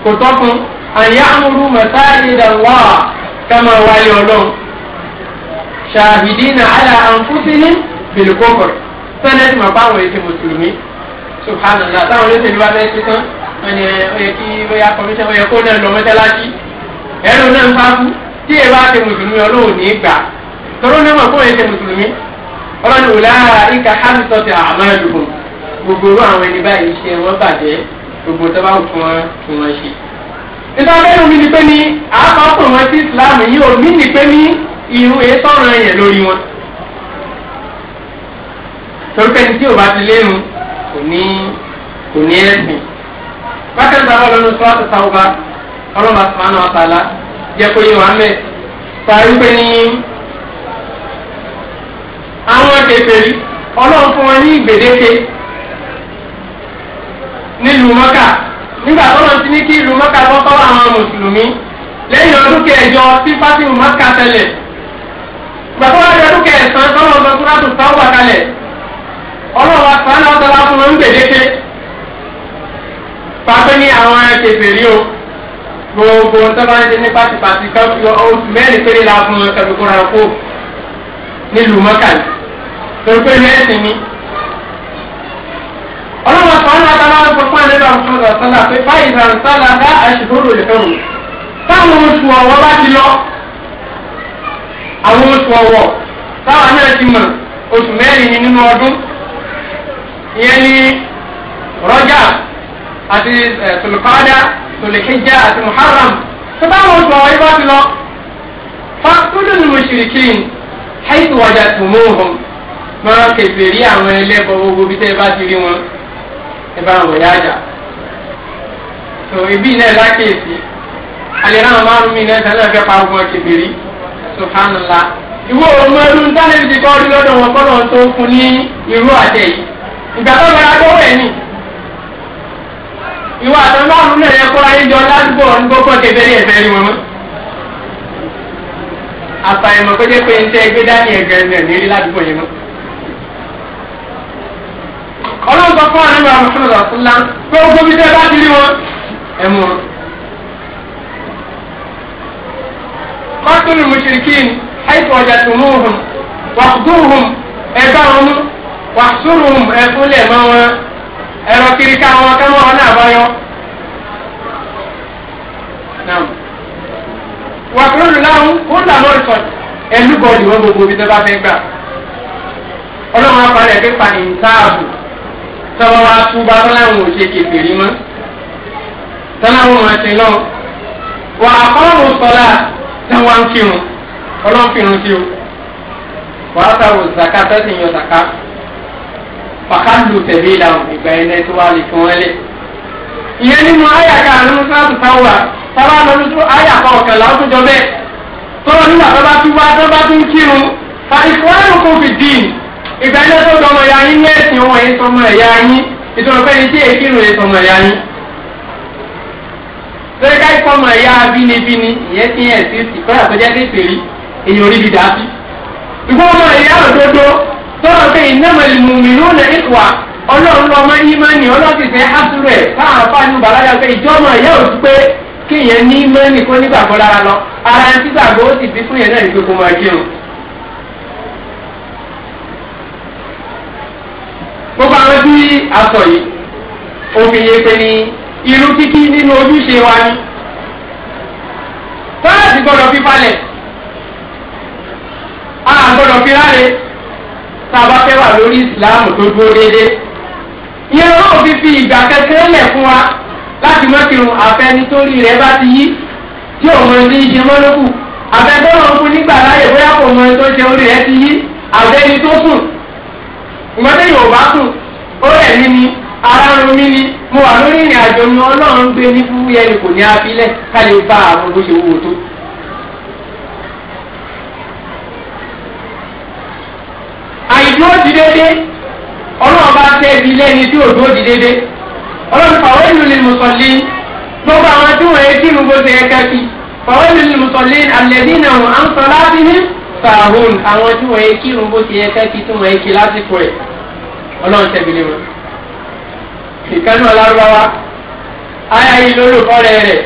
kò tọ́ fún àyà amúrú mọ̀sáàlì ìdàlúwà kama wáyé ọlọ́run ṣàhìdínà àlà àǹfùsíní bìlùkọ́kọ̀ sẹ́nẹ́tì màá bá àwọn èsì mùsùlùmí subhanallah táwọn olóṣèlú wa fẹ́ẹ́ ṣe tán wọ́n yẹ kí bóyá kọmíṣẹ́ wọ́n yẹ kó náà lọ mọ́ṣáláṣí ẹnu náà ń bá kú tí ẹ bá ṣe mùsùlùmí ọlọ́run ní gbà tọ́lọ́ náà mọ̀ fún ẹ ṣe mùsùlùmí ọlọ́ni wò lára ìka hàmìtọ́ ti àmọ́ ẹ̀dùnkùn gbogbo irú àwọn ẹni báyìí ṣe wọ́n bàjẹ́ gbogbo tó bá wù fún wọn fún wọn ṣe. nígbà mẹ́rin mi ni pé ní àápá ọkùnrin wọn sí Islam yìí ò mí ni pé ní irú ètò ọ̀ràn yẹn lórí wọn. torí tí ò bá ti léwu kò ní kò ní ẹ̀sìn. bákan ọlọ́mà sùmánà ọ̀tàlá jẹ́ kó yé wa mẹ́ parí pé ní àwọn kèfèrí ọlọ́run fún wọn ní ìgbèdéke nílùú mọ́kà nígbà tó lọ́n ti ní kí ìlú mọ́kà tó tọ́ àwọn mùsùlùmí lẹ́yìn ọdún kẹjọ tí fásitì mọ́kà tẹ̀lẹ̀ gbàtọ́ wá di ọdún kẹsàn-án tọ́lọ́ ọmọ tó látò sáwọ́ wà kalẹ̀ ọlọ́run wa sàn án lọ́sọ̀rọ̀ fún wọn ń gbèdéke pàápẹ́ ní àwọn kèfèrí o gbogbo ntọ́bánisẹ́ ní pátipàti káfíọ oṣù mẹ́rin péré la fún ẹ̀dùnkúnra kó nílùú mọ́kàlì torí pé mẹ́sìn ni. ọlọ́run ọ̀sán náà tá a máa ń gbọ́ fún àdébà ọ̀sán ọ̀sán náà pé a ìlànà sálà dá àṣìkòrò lè fẹ́ wọn. táwọn oṣù ọ̀wọ́ bá ti lọ àwọn oṣù ọ̀wọ́ táwọn náà ti mọ̀ oṣù mẹ́rin ni nínú ọdún ìyẹn ni rọ́jà àti eh, tòlùkọ́dá tòlìkíjà àti muharram tó táwọn oṣù àwọn ibà ti lọ fàkúlù ní mushrikin haythu wajadtumuhum máa kẹfẹ rí àwọn ẹlẹ́bọ gbogbo bí tẹ́ ẹ bá ti rí wọn ẹ bá wọ̀ yájà tó ibi náà lákèsí alẹ́ náà máa ń náà sálẹ̀ fẹ́ pa ogun kẹfẹ rí subhanallah ìwọ ọmọ ẹlú ntánẹ́bí ti kọ́ ọdún lọ́dọ̀ wọn kọ́ lọ́n tó fún ní irú àtẹ yìí ìgbà tó lọ́ra tó wẹ̀ ni ìwà àtọ́lọ́run náà yẹ kóra yín jọ ládùúgbò ọ̀run gbọ́kọ̀ kẹfẹ́ rí ẹ̀fẹ́ rí wọn mọ́. àfàìmọ̀ pé pé ń tẹ́ gbé dání ẹ̀gẹ́ rẹ̀ ní ládùúgbò yẹn mọ́. ọlọ́run sọ fún àdúrà mùsùlùmí ọ̀túnlá pé ó gbóbi tẹ́ bá ti rí wọn ẹ̀ mú wọn. kọ́tùnù mùsùlùmí àìsàn ọjà tó mú òhùn wàhùdùhùn ẹ̀gbá wọn mú wàhùsùrùhùn ẹ̀fúnlẹ̀ mọ́ ẹ̀rọ kiri ká wọn ká wọn náà bá yọ. wà kúrò láwọn kó ń lànà ìsọ̀ ẹ̀lú bọ̀ọ̀lù wọn gbogbo ibi tó bá fẹ́ gbà. ọlọ́run apalẹ̀ fi pa ní ntaàbù tọ́wọ́ wa kú bá tọ́láwọn ò ṣe kékeré mọ́ tọ́láwọn ò ṣe náà wà á kọ́rùn sọ́lá táwọn ń kírun ọlọ́run kírun sí o wà á sàwọ̀ zaka tẹ́sí yan zaka fàkàndù tẹ̀lé ìlànà ìgbà ilẹ̀ tó wà lè fún ẹ lé. ìyẹn nínú àyàká àrùn sáàtù táwà sábà lọ́dún tó àyàká ọ̀kẹ́ làwùjọ bẹ́ẹ̀ tọ́lọ́ nígbà tó bá tún wá tó bá tu kírun fa ìfowópamọ́ kò fi dín ìgbà ilẹ̀ tó dọmọ ya yín ní ẹ̀sìn ohun ẹ̀yìn sọmọ ẹ̀yà yín ìtọ́nà pé ní tí èkírun ẹ̀yìn sọmọ ẹ̀yà yín. lórí ká ìfọmọ ẹ̀yà bínibíni ìyẹn ti ẹ̀sìn ìkọ́yà tó jẹ́ kékeré èèyàn orí bìdá sí. ìfowópamọ́ ẹ̀yà òdodo sọ̀rọ̀ pé ìnáwó ìmùmìnú nà ìkùwà ọlọ́run lọ́mọ ìmánì ọlọ́sìn fẹ́ àtúrẹ̀ káwọn afáàní bàlájà pé ìjọ́mọ ìyá òtún pé kéèyàn ní ìmánì kó nígbàgbọ́ lára lọ ara ó sì fi fún yẹn náà ní gbogbo máa kírun. gbogbo àwọn tí a sọ yìí òfin yẹn pé ní irú kíkí nínú ojúṣe wa ni ti tá a bá fẹ́ wà lórí ìsìláàmù tó dúró déédéé. ìyẹn náà fi fi ìgbà kékeré lẹ̀ fún wa láti mọ́kìrun àfẹnitórí rẹ̀ bá ti yí tí òun ẹni ṣe mọ́lókù àfẹnitọ́rọ̀ ń fún nígbà láyè bóyá kò mọ ẹni tó ṣe orí rẹ̀ ti yí àbẹ́ni tó kù ìmọ̀tẹ́ yorùbá kù ó rẹ̀ mí ni ara ń mi ni mo wà lórí ìrìn àjò mi ọlọ́run gbé ní fúyẹ́ ni kò ní abilẹ̀ ká lè bá àwọn bó ṣe wúwo tó. dúró di dédé ọlọ́run bá tẹ́ ibi lẹ́ni tí ò dúró di dédé ọlọ́run fàwọn ìlú ni mùsọ̀lì gbogbo àwọn tí wọ́n yẹ kí nu gbogbo ẹ̀ka kí fàwọn ìlú ni mùsọ̀lì àlẹ́bí náà wọ́n á ń sọ láti ní sàhún àwọn tí wọ́n yẹ kí nu gbogbo ẹ̀ka kí tí wọ́n yẹ kí lásìkò ẹ̀ ọlọ́run tẹ̀bi lé wọn. ìkànnì ọlárúbáwá ayé yìí ló lò fọ́rẹ́ rẹ̀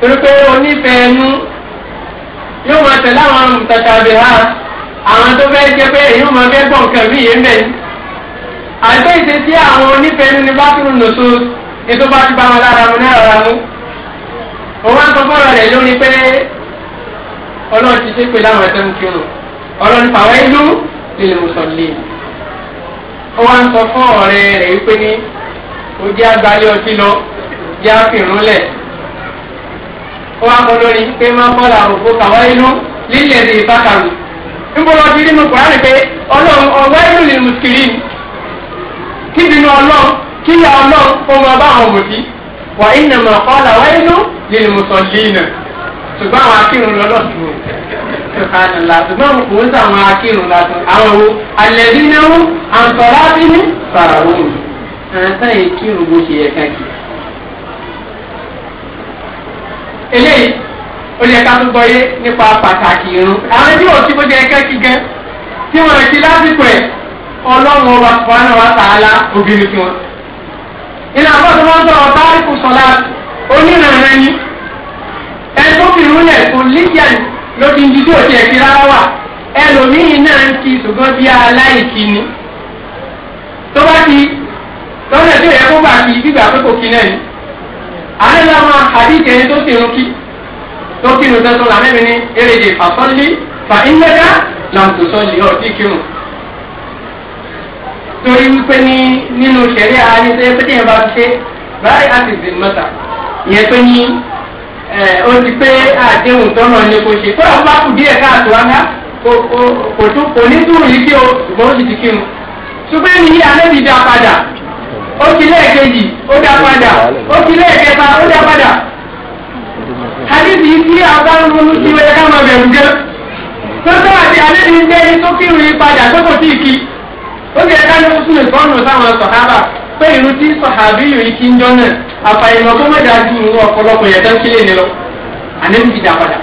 torí pé yóò máa tẹ̀lé àwọn mùtàtàbí àwọn tó fẹ́ jẹ pé èyí máa fẹ́ gbọ̀n kan mí yẹn bẹ́ẹ̀ ni. àìpé ìṣesí àwọn onífẹ̀ẹ́ nínú bá tún nùsọ ní tó bá ti bá wọn lára mu ní ara mu. òun wá sọ fọ́ọ̀rọ̀ rẹ̀ lórí pé ọlọ́run ti ṣe pé láwọn ẹ̀sẹ̀ ń kírun ọlọ́run pàwọ́ ìlú lè mú sọ lé. ó wá ń sọ fún ọ̀rẹ́ rẹ̀ wípé ní ó agbálẹ̀ ọtí lọ jẹ́ àfihàn lẹ̀. ó wá kọ́ lórí pé má bọ́lá òkú nbọlọ ti nínú kùránì pé ọlọ́run ọ̀wá ìlú ni mùsùlùmí kí bínú ọlọ́run kí ya ọlọ́run àwọn òmùtí wà ìnà máa kọ́ ọ̀là wáyé nù lè ṣùgbọ́n àwọn akírun lọ́lọ́sùn o sùkànnìlá ṣùgbọ́n kò ń sọ àwọn akírun lásán àwọn wo àlẹ́bí náà wọ́n àǹtọ̀rá bí ní fàràwọ́ mi àǹtá ìkírun bó ṣe yẹ káàkiri. eléyìí ó yẹ ká tún gbọ́yé nípa pàtàkì irun àwọn tí ò sí bó jẹ kẹ́kí gan tí wọ́n ti lásìkò ẹ̀ ọlọ́run ọba fúnra wa tààlà obìnrin fún wọn. ìlànà àbọ̀ tó wọ́n sọ̀rọ̀ báríkù sọ̀lá onírànràn ni ẹni tó fi rúlẹ̀ kò lídìàn ló ti ń di tí ò ti ẹ̀kí rárá wà ẹlòmíì náà ń kí ṣùgbọ́n bí aláìkí ni tó bá ti lọ́sẹ̀ tó yẹ kó bá kí gbígbà pé kò kí náà ni àlẹ́ làwọn àdìjẹ́ tó kí tó kí nu tẹ́tọ́ lànà mi ní eréje fàtọ́lì fà ìnẹ́gà làǹtòsọ́lì ọ̀dí kírun. torí wípé ní nínú ìṣẹ̀lẹ̀ ààrẹ tó yẹ pé téèyàn bá ṣe báyìí àti zimata ìyẹn pé ní ó ti pé àdéhùn tọ́nà ni kò ṣe kódà bá kù díẹ̀ káàtó wáńgá kò tún kò ní túrù yìí kí o ṣùgbọ́n ó ti ti kírun. ṣùgbọ́n ní alẹ́ ti dá padà ó ti lẹ́ẹ̀kejì ó dá padà ó ti lẹ́ẹ̀kẹta ó dá padà àdébí tí a bá ń ronú sí wẹ́ẹ́ ká máa bẹ̀rù gẹ́. sọ́sọ́ àti àdébí jẹ́ tó kírun ìpadà tó kò tí ì kí. ó jẹ́ ká ló sún ìfọ́nù sáwọn sọ̀hábà pé irú tí sọ̀hábí yòóyí kí ń jọ náà àfàìmọ̀ tó mẹ́ta ju ìrún ọ̀pọ̀lọpọ̀ yẹn tán sílé ni lọ. àdébí ti dà padà.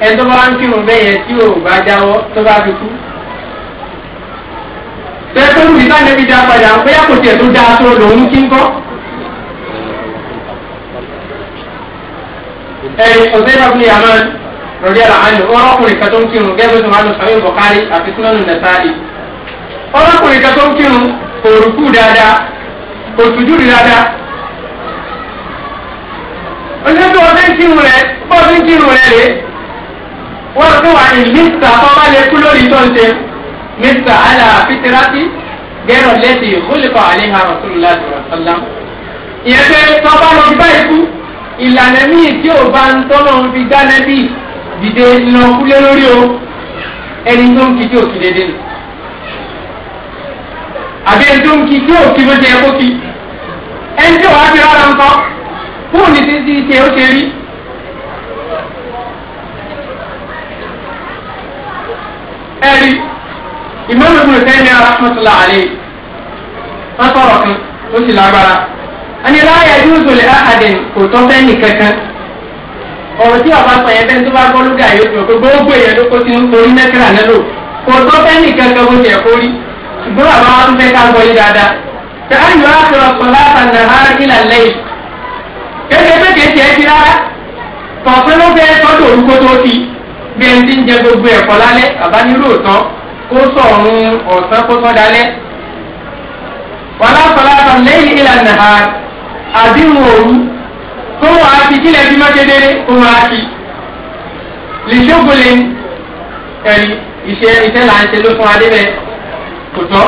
ẹ tó bá ń kírun bẹ́ẹ̀ yẹn tí ò bá jáwọ́ tó bá fi kú. tẹ́tọ́ ẹ̀rí ọ̀sẹ̀ ìbáfúnni yamani rọ̀dí àlàáni ọlọ́kùnrin kan tó ń kírun gẹ́gẹ́ bí sọ̀rọ̀ sọ̀rọ̀ bọ̀kárì àti súnánù nàṣáì ọlọ́kùnrin kan tó ń kírun kò rúkú dáadáa kò sùjúdù dáadáa oníṣẹ́ tó ọdún ń kírun rẹ̀ bó ọdún ń kírun rẹ̀ rè wọ́n rò pé wà ní mista ọba lè kú lórí tó ń ṣe mista ala fitirati gẹ́rọ̀ lẹ́sìn ìhólìkọ̀ àlẹ́ ìlànà míì tí ò bá ń tọ́nà ń fi dáná bí dìde lọ kúlé lórí o ẹni tó ń kí tí ò kí dédé nù àbí ẹni tó ń kí tí ò kí ló jẹ kó kí ẹni tí ò wá fi rárá ń kọ́ fóònù ti ti ṣe ó ṣe rí. ẹ̀rí ìmọ̀lùmọ̀ ìfẹ́ ní arákùnrin tó la àlè wọ́n sọ̀rọ̀ kan ó sì lágbára ẹni láàyè júùsù lè áhàdìn kò tọ́ fẹ́ nìkankan ọ̀rọ̀ tí ọba sọ yẹn fẹ́ni tó bá gbọ́ lóga yóò fi hàn pé gbogbo èèyàn ló kó sí orí mẹ́tìrà náà lò kò tọ́ fẹ́ nìkankan bó tiẹ̀ kórí ṣùgbọ́n bàbá wa ń fẹ́ ká gbọ́ yí dáadáa ṣe ayò àtọ̀ sọ̀láta nàhárà ìlà lẹ́yìn kéde pé kéde ẹ ti rárá tọ̀pẹ́ ló fẹ́ tọ́jú orúkọ tó ti bí ẹni tí ń àdínwó òru tó wà á ti kílẹ̀ bí mọ́tẹ́dẹ́rẹ́ òun á ti lìṣógolè ẹni iṣẹ́ iṣẹ́ là ń ṣe ló fún wa débẹ̀ kò tọ́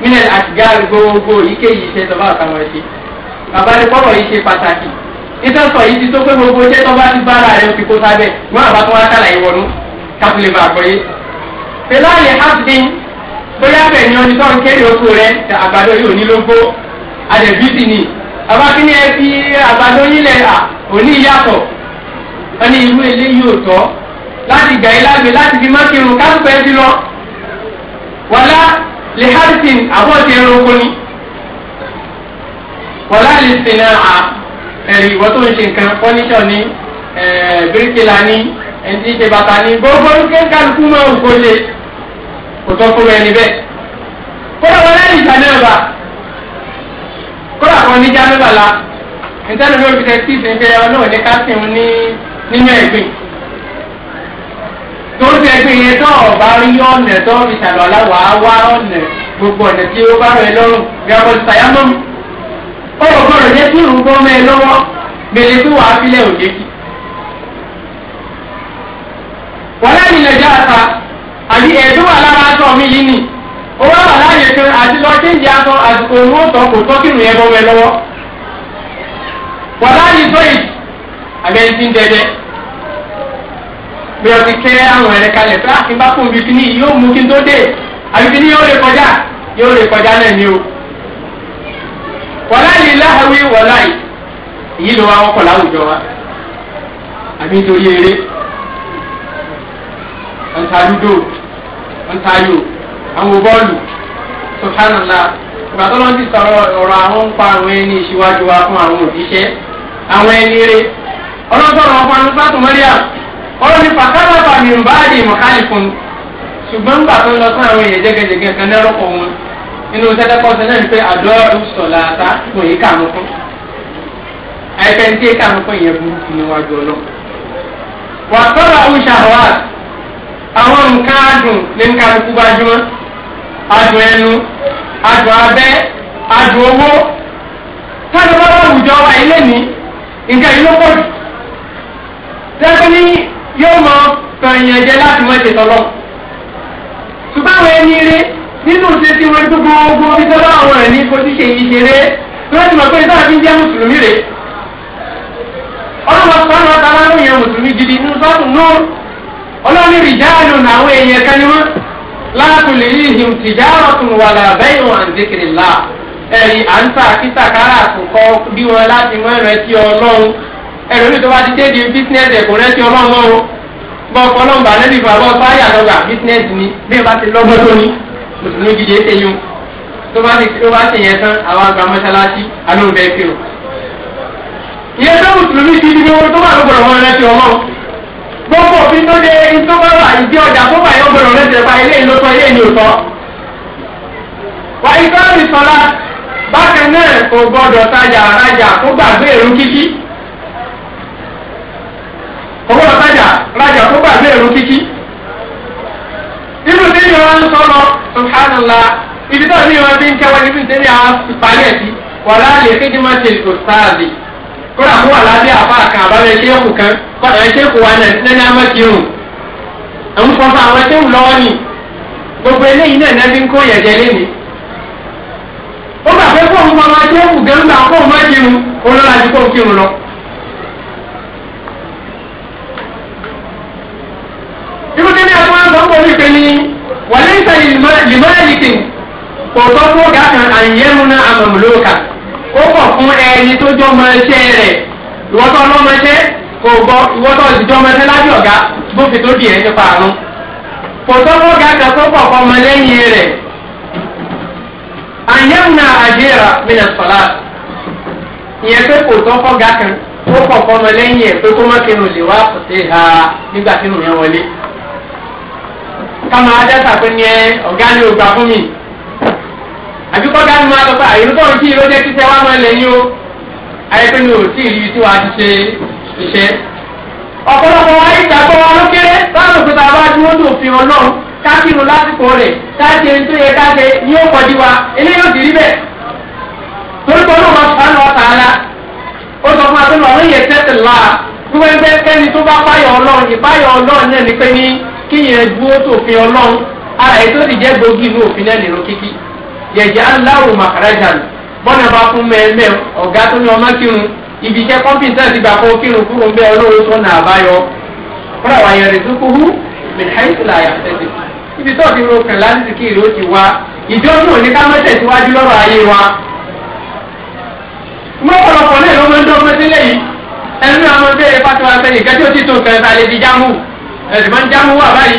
mílẹ̀ àtìgá gbogbo ìkéyìí iṣẹ́ tọ́ba àtàwọn ẹ̀ṣẹ́ bàbá rẹ pọ̀rọ̀ yìí ṣe pàtàkì ìtọ́sọ̀ yìí ti tó pé gbogbo iṣẹ́ tọ́ba ti bára rẹ fi kó sábẹ̀ wọn àbá tó wá sàlàyé wọnú kápẹ́lẹ́ bá gbọ́ yé. pẹ̀láàlì hasbin bóyá bẹ̀ ni ọdún tó ń kéré oko rẹ àgbàdo yìí ò ní lógbó àdẹ̀bí sì ni abakini ẹbí àgbàdóyin lẹ à òní ìyàtọ̀ ẹni irú eléyìí ò tọ́ láti gbà yín lágbè láti fi mọ́kìrún káńpẹ́ ti lọ wàlá lè hàrìsìn àbọ̀tì ẹranko ni wàlá lè sìn náà ẹ̀rì ìwọ́ tó ń ṣe nǹkan fọ́níṣọ̀ ni bíríkìlà ni ẹni ṣe bàtà ni gbogbo kẹ́kálukú máa ń kó lè kò fún ẹni bẹ́ẹ̀ kó lọ́wọ́ lẹ́yìn ìjà náà bá kọ́ra àwọn oníjà mẹ́bàlá ìtẹ́nu lórí fìtẹ́ tí ìsìn pé ẹran náà ní calcium ní nínú ẹ̀gbìn torí ti ẹ̀gbìn yẹn tó ọ̀bá rí ọ̀nà tó fi ṣàlọ́lá wàá wá ọ̀nà gbogbo ọ̀nà tí ó bá rẹ̀ lọ́rùn gbàgbọ́ ṣàyámọ́mù ọ̀rọ̀ gbọ́dọ̀ jẹ́ kí ìrùn gbọ́mọ ẹ lọ́wọ́ mèlè tó wàá filẹ̀ òde kì. wọ́n láyìn lọ́jà àta àbí ẹ̀dùn lára aṣọ mi yìí nìyí ó wá wà láàyè kan àti lọ kéńjì aṣọ àsìkò òun ó tọ́ kò tọ́ kí nìyẹn bọ́ wẹ lọ́wọ́ wà láàyè sọ́yìn àbẹ́yẹn ti ń dẹdẹ bí ọtí kẹ́ àwọn ẹ̀rẹ́ kalẹ̀ pé àti ah, bá kùn bí kíní yóò mú kí n tó dé àbí kíní yóò lè kọjá yóò lè kọjá náà ni o wà láàyè láhàwí wà láàyè èyí ló wá wọ́pọ̀ láwùjọ wa àbí nítorí eré ọ̀ntàlúdò ọ̀ntàlúdò àwọn bọ́ọ̀lù subhanallah ìgbàtọ́ lọ́n ti sọ̀rọ̀ ọ̀rọ̀ àwọn ń pa àwọn ẹni ìṣíwájú wa fún àwọn òbíṣẹ́ àwọn ẹni rẹ ọlọ́sọ̀rọ̀ ọ̀pọ̀ àwọn sátò mọ́ríà ọ̀rọ̀ ní pàtàkì àmì ìbáàdì mọ̀kálì fún un ṣùgbọ́n gbà tó ń lọ fún àwọn èèyàn jẹ́gẹ́jẹ́gẹ́ kan lẹ́rọ̀pọ̀ wọn nínú sẹ́dẹ́kọ́sọ náà ni pé àdọ́rù sọ̀lá ta kò yí kà mọ́ fún àìpẹ́ ní tí kà mọ́ fún ìyẹn burúkú níwájú ọlọ́run. wà á tọ́lá oṣù àwọn nǹkan adùn ní adùn ẹnu adùn abẹ adùn owó káàdì bá wà àwùjọ àìlè ní nǹkan yìí ló pọ̀ jù tẹ́gbẹ́ yóò mọ tọ̀yìn ẹ̀jẹ̀ láti mọ ètò tọ́lọ́ ṣùgbọ́n ẹni rí nínú ṣe nwere wọ́n tó gbogbo bí tọ́lá àwọn ẹ̀ ní fojúṣe ti mọ̀ pé ń mùsùlùmí ọlọ́wọ́ ọ̀tá mùsùlùmí gidi nínú sọ́ọ̀tún náà ọlọ́ọ̀ni rìjáàlù èèyàn kan ni wọ́n. látùlẹ̀ yìí hìm tìjára tún wà lábẹ́ ìwọ̀n àǹdékèrèlá ẹ̀rí à ń tà títà kára àtúnkọ́ bí wọn láti mọ ẹ̀rẹ́ tí ọlọ́run ẹ̀rọ ní tó bá ti dé di bísínẹ́sì ẹ̀kọ́ rẹ́ tí ọlọ́run lọ́wọ́ bọ́ ọkọ náà bà lẹ́bi fún abọ́ báyà lọ́gà bísínẹ́sì ni bí ẹ bá ti lọ́gbọ́n tó ní mùsùlùmí gidi ẹ̀yún tó bá ti tó bá ti yẹn tán àwọn àgbà mọ́ṣáláṣí alóhùn fi o. ìyẹn tó mùsùlùmí gidi ni gbogbo òfin tó de ẹni tó bá wà ìdí ọjà tó bá yọ gbọdọ̀ lẹ́sẹ̀ pa ilé ìlú sọ ilé ìlú sọ. wà ìkọ́rì sọlá bákan náà kò gbọdọ̀ tajà rajà kó gbàgbé èrú kíkí. kò gbọdọ̀ tajà rajà kó gbàgbé èrú kíkí. nínú tí yọ ń sọ lọ subhanallah ibi tó ní ìwọ́n ti ń kẹ́wọ́ níbi tí ní àwọn ìpàlẹ̀ sí wàlá lè fi dí mọ́ tẹ̀lifù sáàlì kódà kó wà lábẹ́ àfa kan àbábẹ́ ṣéèkù kan kódà ẹ ṣéèkù wa náà nẹ́ni á mọ̀ kírun àwọn fọfọ àwọn ṣéèkù lọ́wọ́ ni gbogbo eléyìí náà nẹ́bí ń kó yẹ̀jẹ̀ lé mi. ó gbà pé kóun mọ ọmọ ṣéèkù gan gbà kóun mọ̀ kírun olóra ju kóun kírun lọ. irú kí ni a máa ń sọ pé wípé ni wàlẹ́ ìsàlẹ̀ lìmọ́ẹ̀lì kì kò tọ́ fún ọ̀gá kan àyẹ̀mú náà àmọ̀mọ́lóka ó wọ̀ fún ẹni tó jọ ọmọ iṣẹ́ rẹ̀ ìwọ́tọ̀ ọlọ́mọ iṣẹ́ kò gbọ́ ìwọ́tọ̀ ìjọ ọmọ iṣẹ́ lábẹ́ ọ̀gá bófin tó dì ẹ́ nípa àrùn kò tọ́wọ́ gàgà tó pọ̀ fọmọ lẹ́yìn rẹ̀ àyẹ̀wò àjẹrà mílẹ̀ sọ̀lá ìyẹn pé kò tọ́wọ́ gàgà tó pọ̀ fọmọ lẹ́yìn ẹ̀ pé kó má kinu lè wá pèsè ha nígbà tí mo yẹn wọlé ká máa dẹ́ta pé ní ẹ ọ̀gá ni ò gbà fún mi àbí kọ́ dání máa lọ pé àyè nípa òun tí ìlú jẹ́ títẹ́ wá máa lẹ́yìn o ayẹpẹ́ mi ò tí ì rí tí wàá ti ṣe iṣẹ́. ọ̀pọ̀lọpọ̀ wáyé ìgbàgbọ́ wa ló kéré báwo pé bàbá dúró tó fi hàn náà kákìrò lásìkò rẹ̀ káṣe tó yẹ káṣe ni ó kọjú wa eléyìí ò sì rí bẹ́ẹ̀. torí pé ọlọ́run ọ̀sán náà wọ́n tààlà ó sọ fún akẹ́lọ́ ọ̀rọ̀ yẹn tẹ́tẹ̀ lá wíwẹ́ bẹ́ẹ̀ kẹ́ni tó bá yẹ̀jẹ̀ aláwò màkàràjà nù bọ́nà bá fún mẹ́ẹ̀mẹ́ ọ̀gá tó ní ọmọ kírun ibi iṣẹ́ kọ́mpìtà ti gbà kó kírun kúrò bẹ́ẹ̀ olóró tó nà àbáyọ. fúnra wa yẹn rẹ̀ tó kú hú mẹ̀háìsìlà àyàfẹ́sẹ̀ ibi tó ti ro kàn láti kiri ó ti wá ìjọ náà ní ká mẹ́tẹ̀ síwájú lọ́rọ̀ ayé wa. mọ́pọ̀lọpọ̀ náà ló máa ń dọ́gbọ́n sílẹ̀ yìí ẹnu àwọn bẹ́ẹ̀ fásitì wa sẹ́yìn kẹ́tí ó ti tó kẹrẹ́ta lè fi jámù ẹ̀sìn máa ń jámù wà báyìí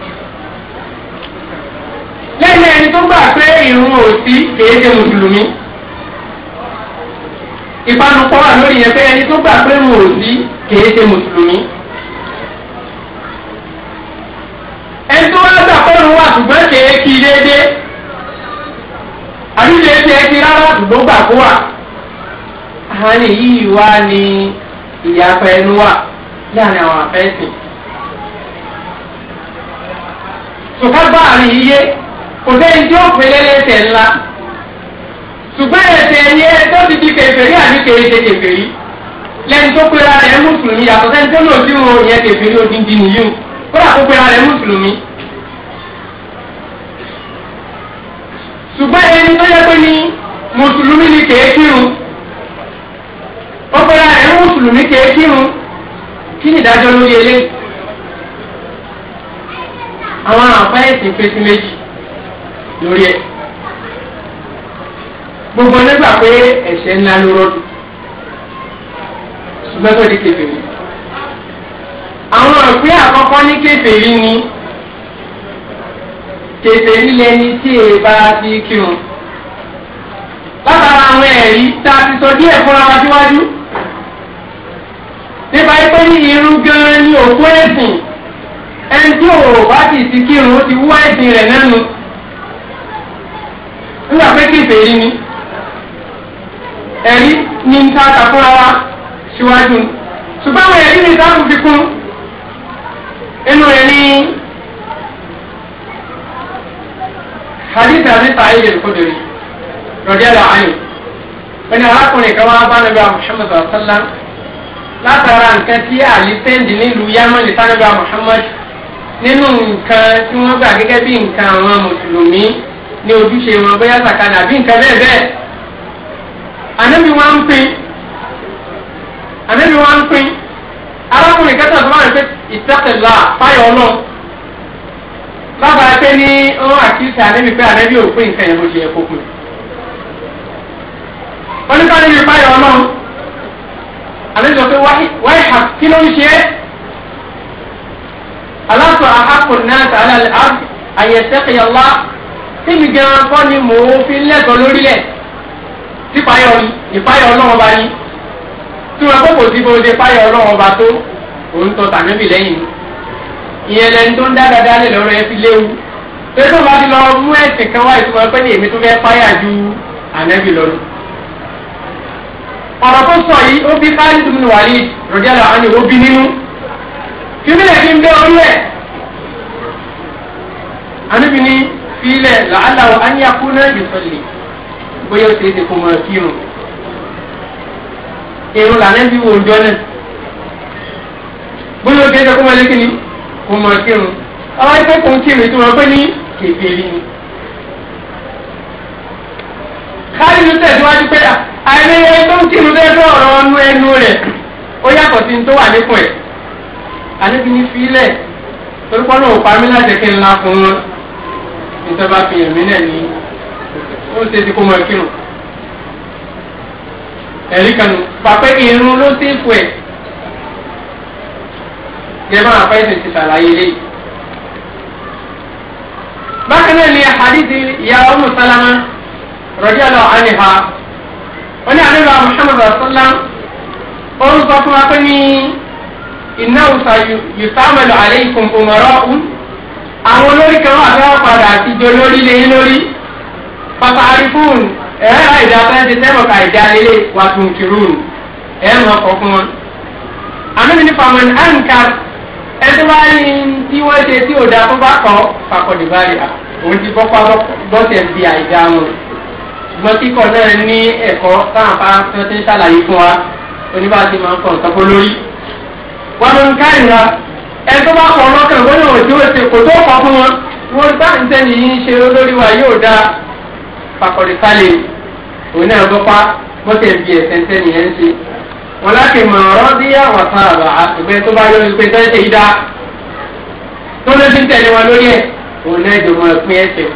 lẹ́yìn ẹni tó gbà pé ìrun òsì kìí ṣe mùsùlùmí ìpanupọ̀ wà lórí yẹn pé ẹni tó gbà pé ìrun òsì kìí ṣe mùsùlùmí. ẹni tó wá gbà pé ìrun wà ṣùgbọ́n kìí kí déédéé àbí lè ṣe kí rárá ṣùgbọ́n gbà kó wà. àhánì yìí wá ní ìyapa ẹnu wà láàrin àwọn àfẹ́sìn. sùkọ́ bá àárín yíyé kò sẹ́ni tí ó pè lẹ́lẹ́sẹ̀ ńlá ṣùgbọ́n ẹ̀sẹ̀ ẹ̀yẹ tó ti di kèfèrí àbí kèéṣe kèfèrí lẹ́ni tó pera rẹ̀ mùsùlùmí yàtọ̀ sẹ́ni tó lò sí òun yẹn kèfèrí odindi nìyí kódà kó pera rẹ̀ mùsùlùmí. ṣùgbọ́n ẹni tó yẹ pé ní mùsùlùmí ni kèé kírun ó pera rẹ̀ mùsùlùmí kèé kírun kí ni ìdájọ́ lórí eléyìí àwọn àpá ẹ̀sìn pèsè méjì lórí ẹ̀ gbogbo nígbà pé ẹ̀ṣẹ̀ ńlá ló rọ́ọ̀dù ṣùgbọ́n tó di kèfèrí àwọn òpin àkọ́kọ́ ní kèfèrí ni kèfèrí lẹni tí èè bá fi kírun látara àwọn ẹ̀rí tá a ti sọ díẹ̀ fúnra wa síwájú nípa pé ní irú gan-an ni òkú ẹ̀sìn ẹni tí òwò bá sì ti kírun ó ti wú ẹ̀sìn rẹ̀ nánu kékeré èyí ni ẹ̀rí ní ń ta kakúra wa síwájú ṣùgbọ́n àwọn ẹ̀rí ní ìdáàbò fi kún inú rẹ̀ ní hadith àti sàáyé ìdòkòdòrè rọ̀díàlà ayò ẹni arákùnrin kan wá bá nàbí Muhammad sàlá látara nǹkan tí àlè tẹ́ǹdì nílùú yámẹ́lì sànàbí Muhammad nínú nǹkan tí wọ́n gbà gẹ́gẹ́ bí nǹkan àwọn mùsùlùmí ní ojúṣe wọn bóyá sàkánì àbí nǹkan bẹ́ẹ̀ bẹ́ẹ̀ ànábì wọn ń pín ànábì wọn ń pín arákùnrin kẹta tó máa ń pè ìtàkìlá fáyọ ọlọ bàbá pé ní ọwọ́ àkíyèsí ànábì pé ànábì ò pín nǹkan yẹn bó ṣe yẹ kó pín oníkàlẹ́ mi fáyọ ọlọ ànábì sọ pé wáyé hà kí ló ń ṣe é aláṣọ àhàkùn náà sàlẹ̀ àyẹ̀sẹ̀kẹ̀yà tèmi gan kọ́ ni mò ń fi lẹ́tọ̀ọ́ lórílẹ̀ tí payọ̀ ìpayọ̀ ọlọ́run bá ní tí wọn kókò sí bó ṣe payọ̀ ọlọ́run bá tó òun tọ́ tànẹ́bì lẹ́yìn ìyẹn lẹni tó ń dá dáadáa lè lọ́rọ̀ ẹ fi léwu pé tó bá ti lọ mú ẹ̀sìn kan wá ìtumọ̀ pé ní èmi tó fẹ́ páyà ju ànẹ́bì lọ́nu. ọ̀rọ̀ tó sọ yìí ó bí Khalid ibn Walid rọ̀jálà àni ó bí nínú fífílẹ̀ fi ń dé orí ẹ̀ ànẹ́bì ni filẹ̀ làálà wa á ní akúnná ìsọ̀lẹ̀ bóyá ó ṣeé ṣe kó máa kí irun. irun làlẹ́ bí wo ọjọ́ náà bóyá ó ṣeé ṣe kó máa lé kíni kó máa kí irun. àwọn ẹgbẹ́ kan kí irun ìtumọ̀ pé ní kékeré ni. káyọ̀ ló tẹ̀síwájú pé àìlèyẹ tó ń kí irun lẹ́dọ̀ ọ̀rọ̀ ọnú ẹnu rẹ̀ ó yàtọ̀ sí ní tó wà nípò ẹ̀. àlẹ́ bí ní filẹ̀ torí pọ́nlọ́ níta bá fi ẹ̀mí náà ní ó ṣe ti kó mọ ìkírun ẹ̀rí kanu pàpẹ́ irun ló ṣe é fò ẹ̀ gẹ́gbọ́n àpẹẹsẹ̀ ti ṣàlàyé eléyìí. bákan náà ni àdìsí ìyá ọmọ sálámà rọjò lọ àníhà wọn ní àdìbà muhammad rasulillah ó fún wa pé ní iná ìsàmàlù alaykum umara'un àwọn olórí kan wà fẹ́ padà àtijọ́ lórí lẹ́yìn lórí pàpà àrífóònù ẹ̀rọ àìdá fẹ́ǹsì tẹ́mọ̀kà ìdá lélẹ̀ wà tún kìrúùnù ẹ̀rọ ọkọ̀ fún wọn. àmì ní pàmò ní àǹkà ẹtí wá ní tí wọ́n ṣe tí ò dáa tó bá kọ́ pàkọ́dé báyà òun ti bọ́ bọ́sẹ̀ di àìdá wọn. ṣùgbọ́n kíkọ́ náà ní ẹ̀kọ́ táwọn bá fẹ́ ṣàlàyé fún wa oníbàṣe máa ń kọ́ nǹkan ẹtọ́ bá kọ̀ lọ́kàn wọ́n yóò tí ó ṣe kò tó kọ̀ fún wọn wọ́n bá ń tẹ́lẹ̀ yín ṣe olórí wa yóò da pàkọ̀dìkálẹ̀ òun náà bọ́ pa bọ́tẹ̀ bí ẹ̀sẹ̀ ń tẹ́lẹ̀ yẹn ń ṣe. wọn láti mọ ọ̀rọ̀ bí àwọn kan àbá àtùgbẹ́ tó bá yọrí pé tẹ́lẹ̀ ṣe yí dá tó ló ti ń tẹ̀lé wọn lórí ẹ̀ òun náà jò mọ́ ẹ̀pín ẹ̀sẹ̀.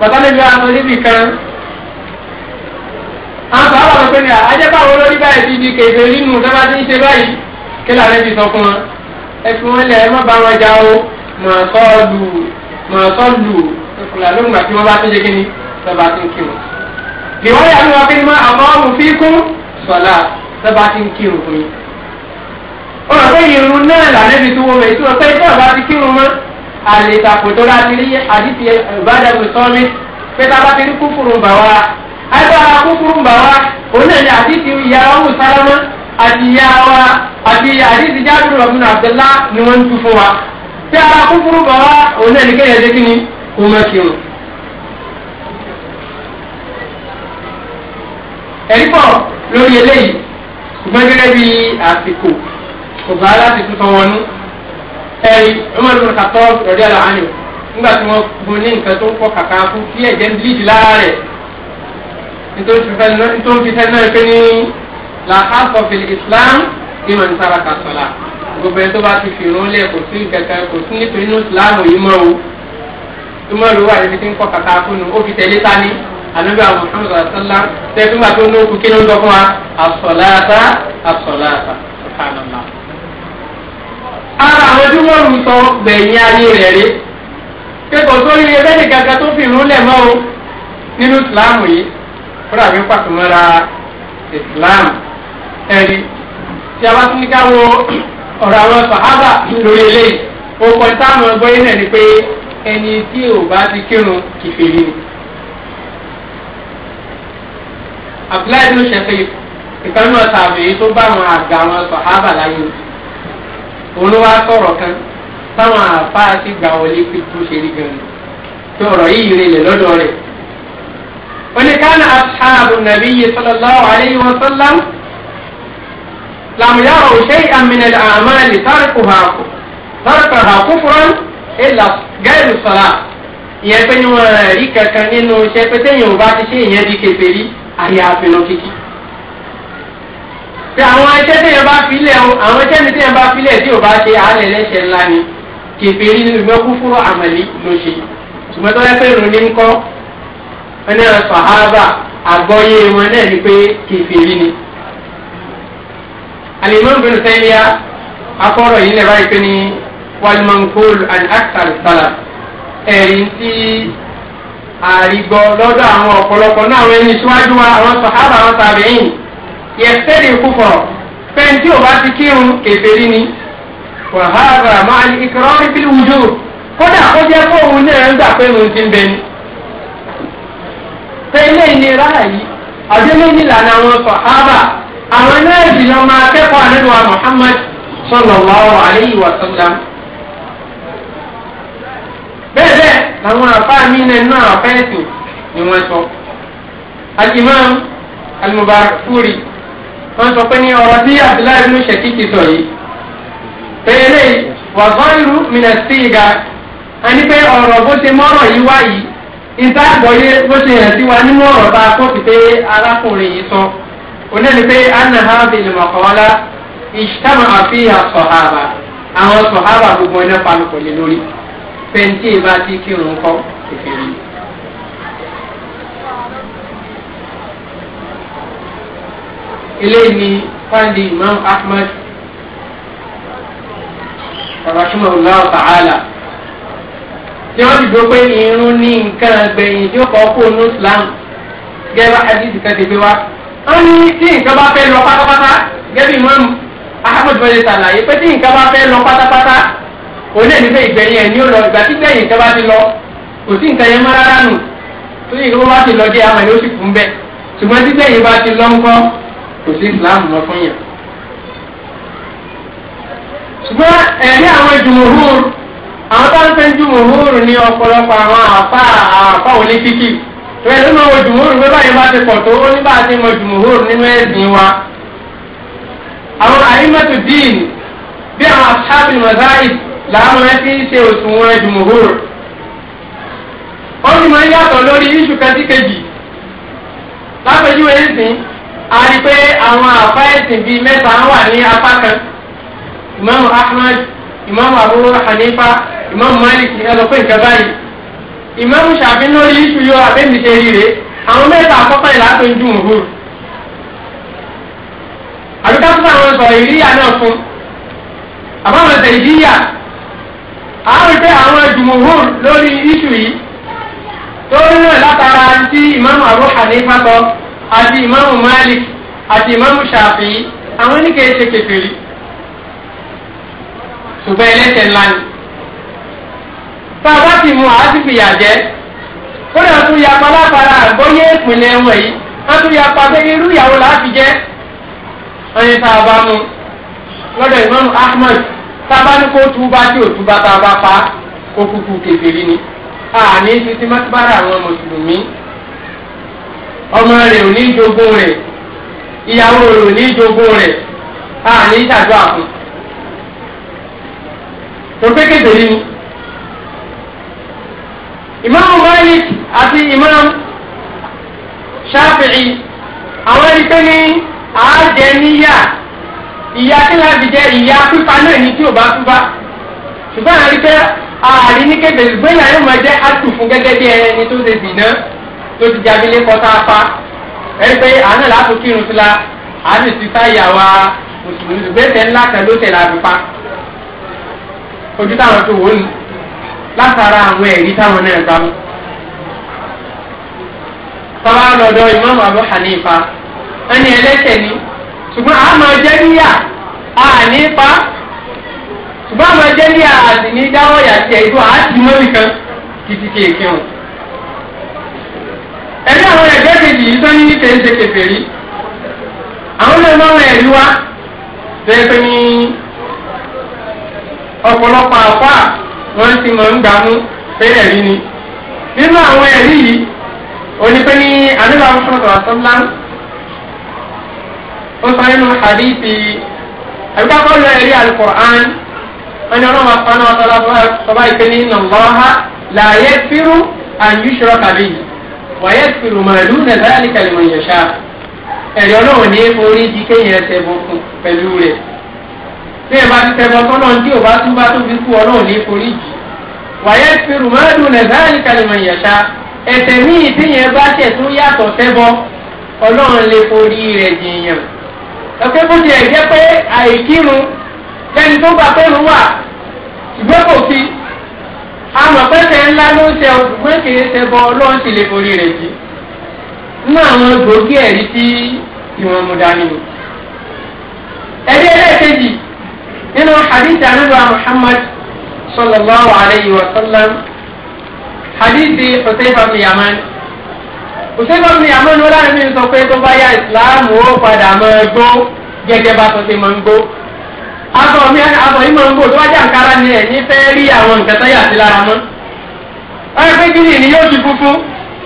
bàbá mi bí wọn níbi kan àwọn bàbá wọn pé ní àjẹbáwo lórí báyìí ti di kèfèrí nù kí ẹfi wọn lẹ ẹ má bá wọn já o mọ sọọlù mọ sọọlù ìkùlà ló ń gbà tí wọn bá tún jẹ kíni lọba tí ń kírun ìwọ́n yà ló wá pé mọ àmọ́ ọ̀hún fi kún sọ̀lá lọba tí ń kírun fún yín. ó rà pé irun náà lànàbí tí wọ́n mọ̀ ètò ọ̀pẹ́ tí ọ̀bá ti kírun mọ́ àlè ìtàkùn tó láti rí àdìsí ìbádàgbé sọ́ọ́lì pé tá ti rí kúkúrú bà wá. àìsàn kúkúrú bà wá òun náà ni àdìsí ìyá ọ̀hún sálámọ́ àti ìyá wa àti àdìsí jáde rọ̀bùnà àbdùlá ni wọ́n ń tu fún wa tí ara kúkúrú bọ̀ wá òun náà ní kéèyàn ṣe kí ni òun máa kírun. ẹ̀rí pọ̀ lórí eléyìí ṣùgbọ́n gẹ́gẹ́ bí àsìkò ọba aláti tuntun wọn nú ẹ̀rí ọmọ ìlú kàtọ́ rẹ̀dí àlàáyò nígbà tí wọ́n gun ní nǹkan tó ń pọ̀ kàkà fún kí ẹ̀jẹ̀ ń bíríìjì lára rẹ̀ nítorí fífẹ́ náà pé ní la hafa fil islam ìmọ̀ nísàlá kàtọ́lá gbogbo ẹni tó bá ti fìrún lẹ̀ kò sí kankan kò sí nítorí inú ìsìláàmù yìí mọ́ o ìmọ̀ ló wà níbi tí ń kọ́ kàkà fún un ó fi tẹ̀lé tání ànábì àwọn muhammed rasulillah tẹ́tí wà tó ní òkú kí ló ń sọ fún wa asọ̀láta asọ̀láta subhanallah. ara àwọn tí wọ́n rù sọ gbẹ̀yìn ayé rẹ̀ rí kékọ̀ sórí ẹgbẹ́ nìkankan tó fi ìrún lẹ̀ mọ́ o nínú ìsìláàmù yìí fúlàní pàtó mọ́ra ìsìláàmù ẹ̀rí tí a bá tún ní ká wo ọ̀rọ̀ àwọn sàhábà lórí eléyìí ó kọ́ táwọn ọgbọ́n yìí náà ni pé ẹni tí ò bá ti kírun kìfèrí ni. abdullahi ló ṣẹ̀fẹ̀ ìkànnì ọ̀sà àbẹ̀yẹ tó bá àwọn àgbà àwọn sàhábà láyé òun ló wá sọ̀rọ̀ kan táwọn àfáà ti gbà wọlé pé tó ṣe rí gan-an tí ọ̀rọ̀ yìí rẹlẹ̀ lọ́dọ̀ rẹ̀. oníkànnì ashabu nabiyyi sallallahu alayhi wa sallam. لم يروا شيئا من الأعمال تركها تركها كفرا إلا غير الصلاة يبني pé ní wọn rí kankan nínú iṣẹ́ pé téèyàn ò bá ti ṣe ìyẹn di kèfèrí àyè àfihàn kìkì. pé àwọn iṣẹ́ téèyàn bá filẹ̀ àwọn iṣẹ́ mi téèyàn bá filẹ̀ tí ò bá ṣe àálẹ̀ lẹ́sẹ̀ ńlá ni kèfèrí nínú ìgbẹ́ kú fúrọ̀ àmàlí ló ṣe. ṣùgbọ́n tó yẹ pé ìròyìn ń sàhábà àgbọ́yé wọn náà ni pé kèfèrí ni alimami bin taymiya akọrọ yìí lẹba yìí pinni walimankol and aksal sala ẹ̀rí ti àrígbọ lọ́dọ̀ àwọn ọ̀pọ̀lọpọ̀ náà àwọn ẹni síwájú wa àwọn sọhábà àwọn tàbíyìn yẹsẹrì kúfọ fẹntì ò bá ti kírun kèfèrí ni wàhálà máa ní ìkọrọ nípìlì wùdú kódà ó jẹ fóun náà ń gbà ni. pé ilé ìnira yìí àwọn náà sì lọ máa kẹ́kọ̀ọ́ àlejò Muhammad sallallahu alayhi wa sallam. bẹ́ẹ̀ bẹ́ẹ̀ làwọn àfáà mi náà náà àfẹ́sìn ni wọ́n sọ. al-Imam al wọ́n sọ pé ní ọ̀rọ̀ Abdullahi ibn Shakiki sọ yìí. tẹ́lẹ̀ wàzọ́ọ̀lù a pé ọ̀rọ̀ bó ti mọ́rọ̀ yìí wá ìta àgbọ̀yé bó ti hàn sí wa nínú ọ̀rọ̀ sọ. onílù pé anna ha bí ni mọ̀kànlá ìṣítàmà àfihàn sọ̀hábà àwọn sọ̀hábà gbogbo iná palùpọ̀ lé lórí pẹ̀ntì ìbá tí kírun kọ́ kékeré. eléyìí ni fáńdì imam ahmed rahimahullah ta'ala tí wọ́n ti gbọ́ pé irun ní nǹkan gbẹ̀yìn tí ó kọ́ kó nù islam gẹ́gẹ́ bá hadith kan ti gbé wá wọ́n ní tí nǹkan bá fẹ́ lọ pátápátá gẹ́gẹ́ bí mọ́mù ahmed bọ́lẹ̀ ṣàlàyé pé tí nǹkan bá fẹ́ lọ pátápátá òun náà nífẹ̀ẹ́ ìgbẹ̀yìn ẹ̀ ní ó lọ ìgbà tí gbẹ̀yìn nǹkan bá ti lọ kò sí nǹkan yẹn mọ́ rárá nù tó yìí kó bá ti lọ dé àmọ́ yóò sì fún bẹ́ẹ̀ ṣùgbọ́n tí gbẹ̀yìn bá ti lọ ńkọ́ kò sí islam lọ fún yàn. ṣùgbọ́n ẹ̀rí àwọn jùmùhúr àwọn tó ń pẹ́ ní ọ̀pọ̀lọpọ̀ àwọn àfa àfa oníkíkì pẹ̀lú mọ̀ wọ jùmùhúrù pé báyìí bá ti pọ̀ tó ó ní bá ti nínú ẹ̀sìn wa. àwọn àyímọ̀tò díìn bí àwọn asábì mọ̀sáì làwọn ẹtí ṣe òṣùwọ̀n jùmùhúrù. ó ní mọ̀ yàtọ̀ lórí iṣu kẹsíkejì lápẹjúwe ẹ̀sìn a rí pé àwọn àfa ẹ̀sìn bíi mẹ́ta wà ní apá kan ìmáàmù Ahmad ìmáàmù Abu Hanifa Malik pé nǹkan báyìí ìmáàmù ṣàfi lórí iṣu yọ abẹ́mìṣe rire àwọn mẹ́ta àkọ́kọ́ ìlà tó ń dùn hù. àdúgbò fún àwọn sọ̀rọ̀ ìríyà náà fún àbáwọn ọ̀sẹ̀ ìdíyà àwọn ìpè àwọn jùmùhù lórí iṣu yìí tó ń rìn látara tí ìmáàmù Abu Hanifa sọ àti ìmáàmù Malik àti ìmáàmù ṣàfi àwọn oníkèé ṣe kékeré ṣùgbọ́n ẹlẹ́sẹ̀ ńlá ni tá a bá ti mú àá ti fìyà jẹ kódà tún ya palápàlà àgbọ́yé ìpìlẹ̀ wọn yìí wọ́n tún ya pa pé irú ìyàwó láti jẹ́ ẹni tá a bá mú lọ́dọ̀ ìmọ̀nù Ahmed tá a bá ní kó túbá tí ò túbá tá a bá pa kó kúkú kékeré ni àní títí mọ́tíbára àwọn mùsùlùmí ọmọ rẹ̀ ò ní jogún rẹ̀ ìyàwó rẹ̀ ò ní jogún rẹ̀ àní ìṣàdúrà fún tó pé kékeré ni imaamu malik àti imaamu shafi'i àwọn ẹni pé ní àájẹ níyà ìyá tí láti jẹ ìyá pípa náà ní tí ò bá kú bá ṣùgbọ́n àwọn ẹni pé ààrí ní kéde ìgbéyà yóò máa jẹ́ àtù fún gẹ́gẹ́ bí ẹni tó ṣe dìná tó ti jábí lé kọ́tà pa ẹni pé àánú láti kírun sí àánú ti sáyà wa mùsùlùmí ìgbésẹ̀ ńlá kan ló tẹ̀ láti ojú táwọn tó wò ó nù. látara àwọn ẹ̀rí táwọn náà gbà mú. tọ́wá lọ́dọ̀ ìmọ̀mù Abu Hanifa ẹni ẹlẹ́sẹ̀ ni ṣùgbọ́n a máa jẹ́ níyà a ní pa ṣùgbọ́n a máa jẹ́ níyà a sì ní dáwọ́ yàtí ẹ̀dùn àwọn kejì yìí ní ní àwọn ẹ̀rí wa bẹ́ẹ̀ ní ọ̀pọ̀lọpọ̀ àpá wọ́n ti máa ń dààmú fẹ́rẹ̀ rí ni. nínú àwọn ẹ̀rí yìí onípe ní adébáwò sọ̀rọ̀ àtọ́lá ó sọ nínú hadithi àgbàkọ́ lọ ẹ̀rí alukur'an wọ́n ní ọlọ́run afọ́nà ọ̀tọ́lá sọ́ba ìpè ní nàmbọ́ha làyé fírú àyùsọ̀rọ̀ kàbí wàyé fírú màlúù nàzáàlì kàlùmọ̀ yẹ̀ṣà ẹ̀rí ọlọ́run ní orí di kéèyàn ẹsẹ̀ bọ̀ pẹ̀lú rẹ̀ bí ẹ bá ti tẹ̀ bọ́ tọ́lọ́run tí ò bá tún fi kú ọlọ́run ní orí jì wàyẹ firu máa dùn nàzáàlì kalimọ̀ yẹ̀ta ẹ̀ṣẹ̀ míì tíyẹn bá ṣẹ̀ tún yàtọ̀ sẹ́bọ ọlọ́run lè forí rẹ̀ jìyàn. ọ̀kẹ́ bó tiẹ̀ jẹ́ pé àìkírun lẹ́ni tó gbà pé òun wà ṣùgbọ́n kò fi àmọ̀ pẹ́sẹ̀ ńlá ló ń ṣe ògùnbọ́n kì í ọlọ́run sì lè forí rẹ̀ jì. nínú àwọn gbòógì ẹ̀rí tí ìwọ̀n mu dání ni. ẹ̀rí ẹlẹ́ẹ̀kejì nínú hadith صلى الله عليه وسلم حديث حذيفة بن يمان حذيفة بن يمان ولا من sọ pé tó bá yá ìsìláàmù ó padà máa gbó gẹ́gẹ́ bá tó ti máa ń gbó abọ mi abọ yìí máa ń gbó tó bá jẹ àǹkárá ni ẹ ní fẹ́ rí àwọn nǹkan tó yà sí lára mọ́ ọyọ pé kí ni ìní di funfun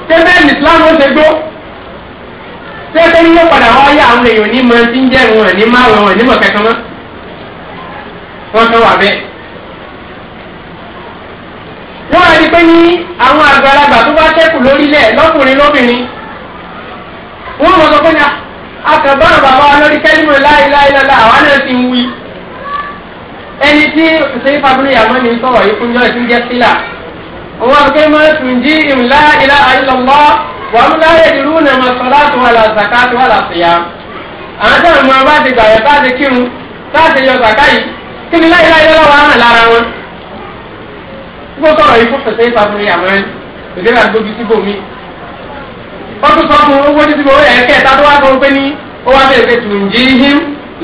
ṣé bẹ́ẹ̀ ni yóò padà wá yá àwọn èèyàn ní mọ ti ń jẹ́ ìwọ̀n ní márùn-ún ní mọ̀ kẹ́kọ́ mọ́ wọ́n fẹ́ wà bẹ́ẹ̀. wọ́n á rí pé ní àwọn àgbàlagbà tó bá lórílẹ̀ lọ́kùnrin lóbìnrin mọ̀ sọ pé ní bàbá wa lórí kẹ́límù àwa náà ti ń wí ẹni tí ìyàwó ni sọ̀rọ̀ yìí fún yọ́ ìtúnjẹ́ sílà òun àti pé mọ́ tùǹjì ìmùlá ìlà àìlọ́lọ́ wàhùn láyé ìlú nà mọ̀ sọ̀rọ̀ àti wàlà zàká àti wàlà sìyà àwọn tó ń mọ tí wọ́n sọ̀rọ̀ yìí kó pèsè ìfàmì àwọn ẹni èdè náà gbójú síbò mí. wọ́n tún sọ fún owó ní síbò ẹ̀ kẹta tó wá gbọ́n pé ní ó wá bẹ̀rẹ̀ pé tùǹjì him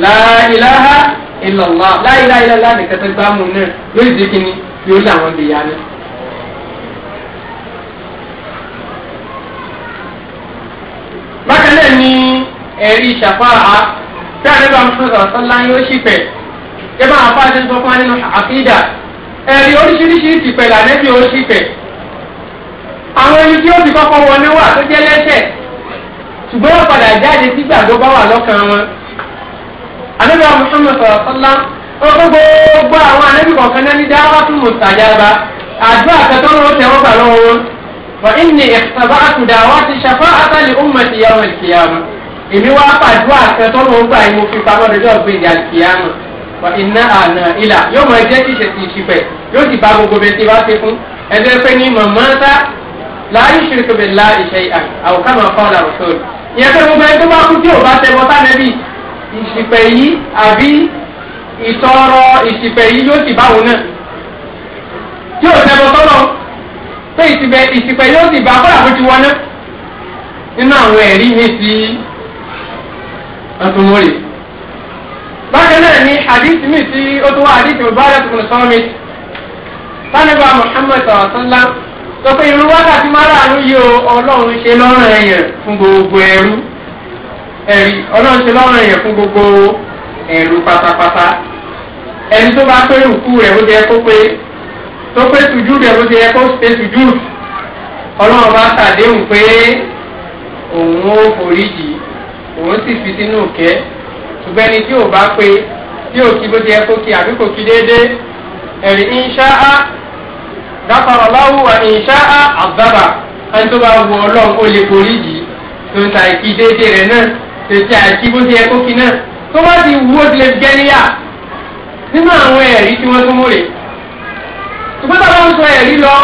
láìláha ìlọ̀lá láìláìláìlá nìkan tó gbá mu náà lórí ìdí kíni yóò làwọn lè yá ni. bákan ni ẹ̀rí ṣàfáà tí àdébà mùsùlùmí sọ̀rọ̀ sọ́lá yóò ṣì fẹ̀ ẹ bá àfáà ti sọ fún wa nínú àfíìdà ẹ̀rí oríṣiríṣi ìtìpẹ̀ lànẹ́bí oríṣiríṣi àwọn ẹni tí ó ti kọ́kọ́ wọlé wà tó jẹ́ lẹ́sẹ̀ ṣùgbọ́n wọ́n padà jáde sígbà tó bá wà lọ́kàn wọn. àdébí àwọn mùsùlùmí sọ̀rọ̀ sọ́lá wọn kó gbogbo àwọn ànábì kọ̀ọ̀kan náà ní dáhà fún mùsàjába àdúrà àtẹ̀tọ́ ló tẹ̀ wọ́n gbà lọ́wọ́ wọn. wà á ní ìṣàbá àtúndà wá ti ṣàfá wà inna àná ìlà yóò máa jẹ́ kí ìṣẹ̀tì ìṣìpẹ̀ yóò sì bá gbogbo bẹ́ẹ̀ tí wàá ṣe fún ẹgbẹ́ pé ní màmá sá láàyè ṣètò bẹ̀ la ìṣe ìhà àwòká máa fọ́ ọ̀là òṣòro ìyẹn pé gbogbo ẹni tó bá kú tí ò bá tẹ̀wọ́ sánẹ́bì ìṣìpẹ̀ yìí àbí ìtọrọ ìṣìpẹ̀ yìí yóò sì báwo náà tí ò tẹ̀wọ́ sọ́nà pé ìṣìpẹ̀ ìṣìpẹ̀ yóò sì bá kọ́là bó ti wọná nínú àwọn ẹ̀rí mi sí ọtún mọ́rẹ̀ bákan náà ni hadith mi tí ó tó wá hadith mubarak ibn sọ́mi sanibà muhammad sàlá tó pé irú wákàtí márààrún yìí o ọlọ́run ṣe lọ́rùn ẹ̀yẹ̀ fún gbogbo ẹrú ẹ̀rí ọlọ́run ṣe lọ́rùn ẹ̀yẹ̀ fún gbogbo ẹrú pátápátá ẹni tó bá pé òkú rẹ̀ ó jẹ́ kó pé tó pé tùjú rẹ̀ ó jẹ́ kó pé tùjú ọlọ́run bá ṣàdéhùn pé òun ó foríjì òun sì fi sínú kẹ́ẹ́ ṣùgbọ́n ẹni tí ò bá pé tí ò kí bó ti yẹ kó kí àbí kò kí déédéé ẹ̀rí ìṣáá dáfara láwù wà ní ìṣáá àbábà ẹni tó bá wù ọlọ́run ó lè borí yìí tó ń ta ìkí déédéé rẹ̀ náà tètè àìkí bó ti yẹ kó kí náà tó bá ti wú ó ti lè jẹ́ níyà nínú àwọn ẹ̀rí tí wọ́n tún múre ṣùgbọ́n táwọn ń sọ ẹ̀rí lọ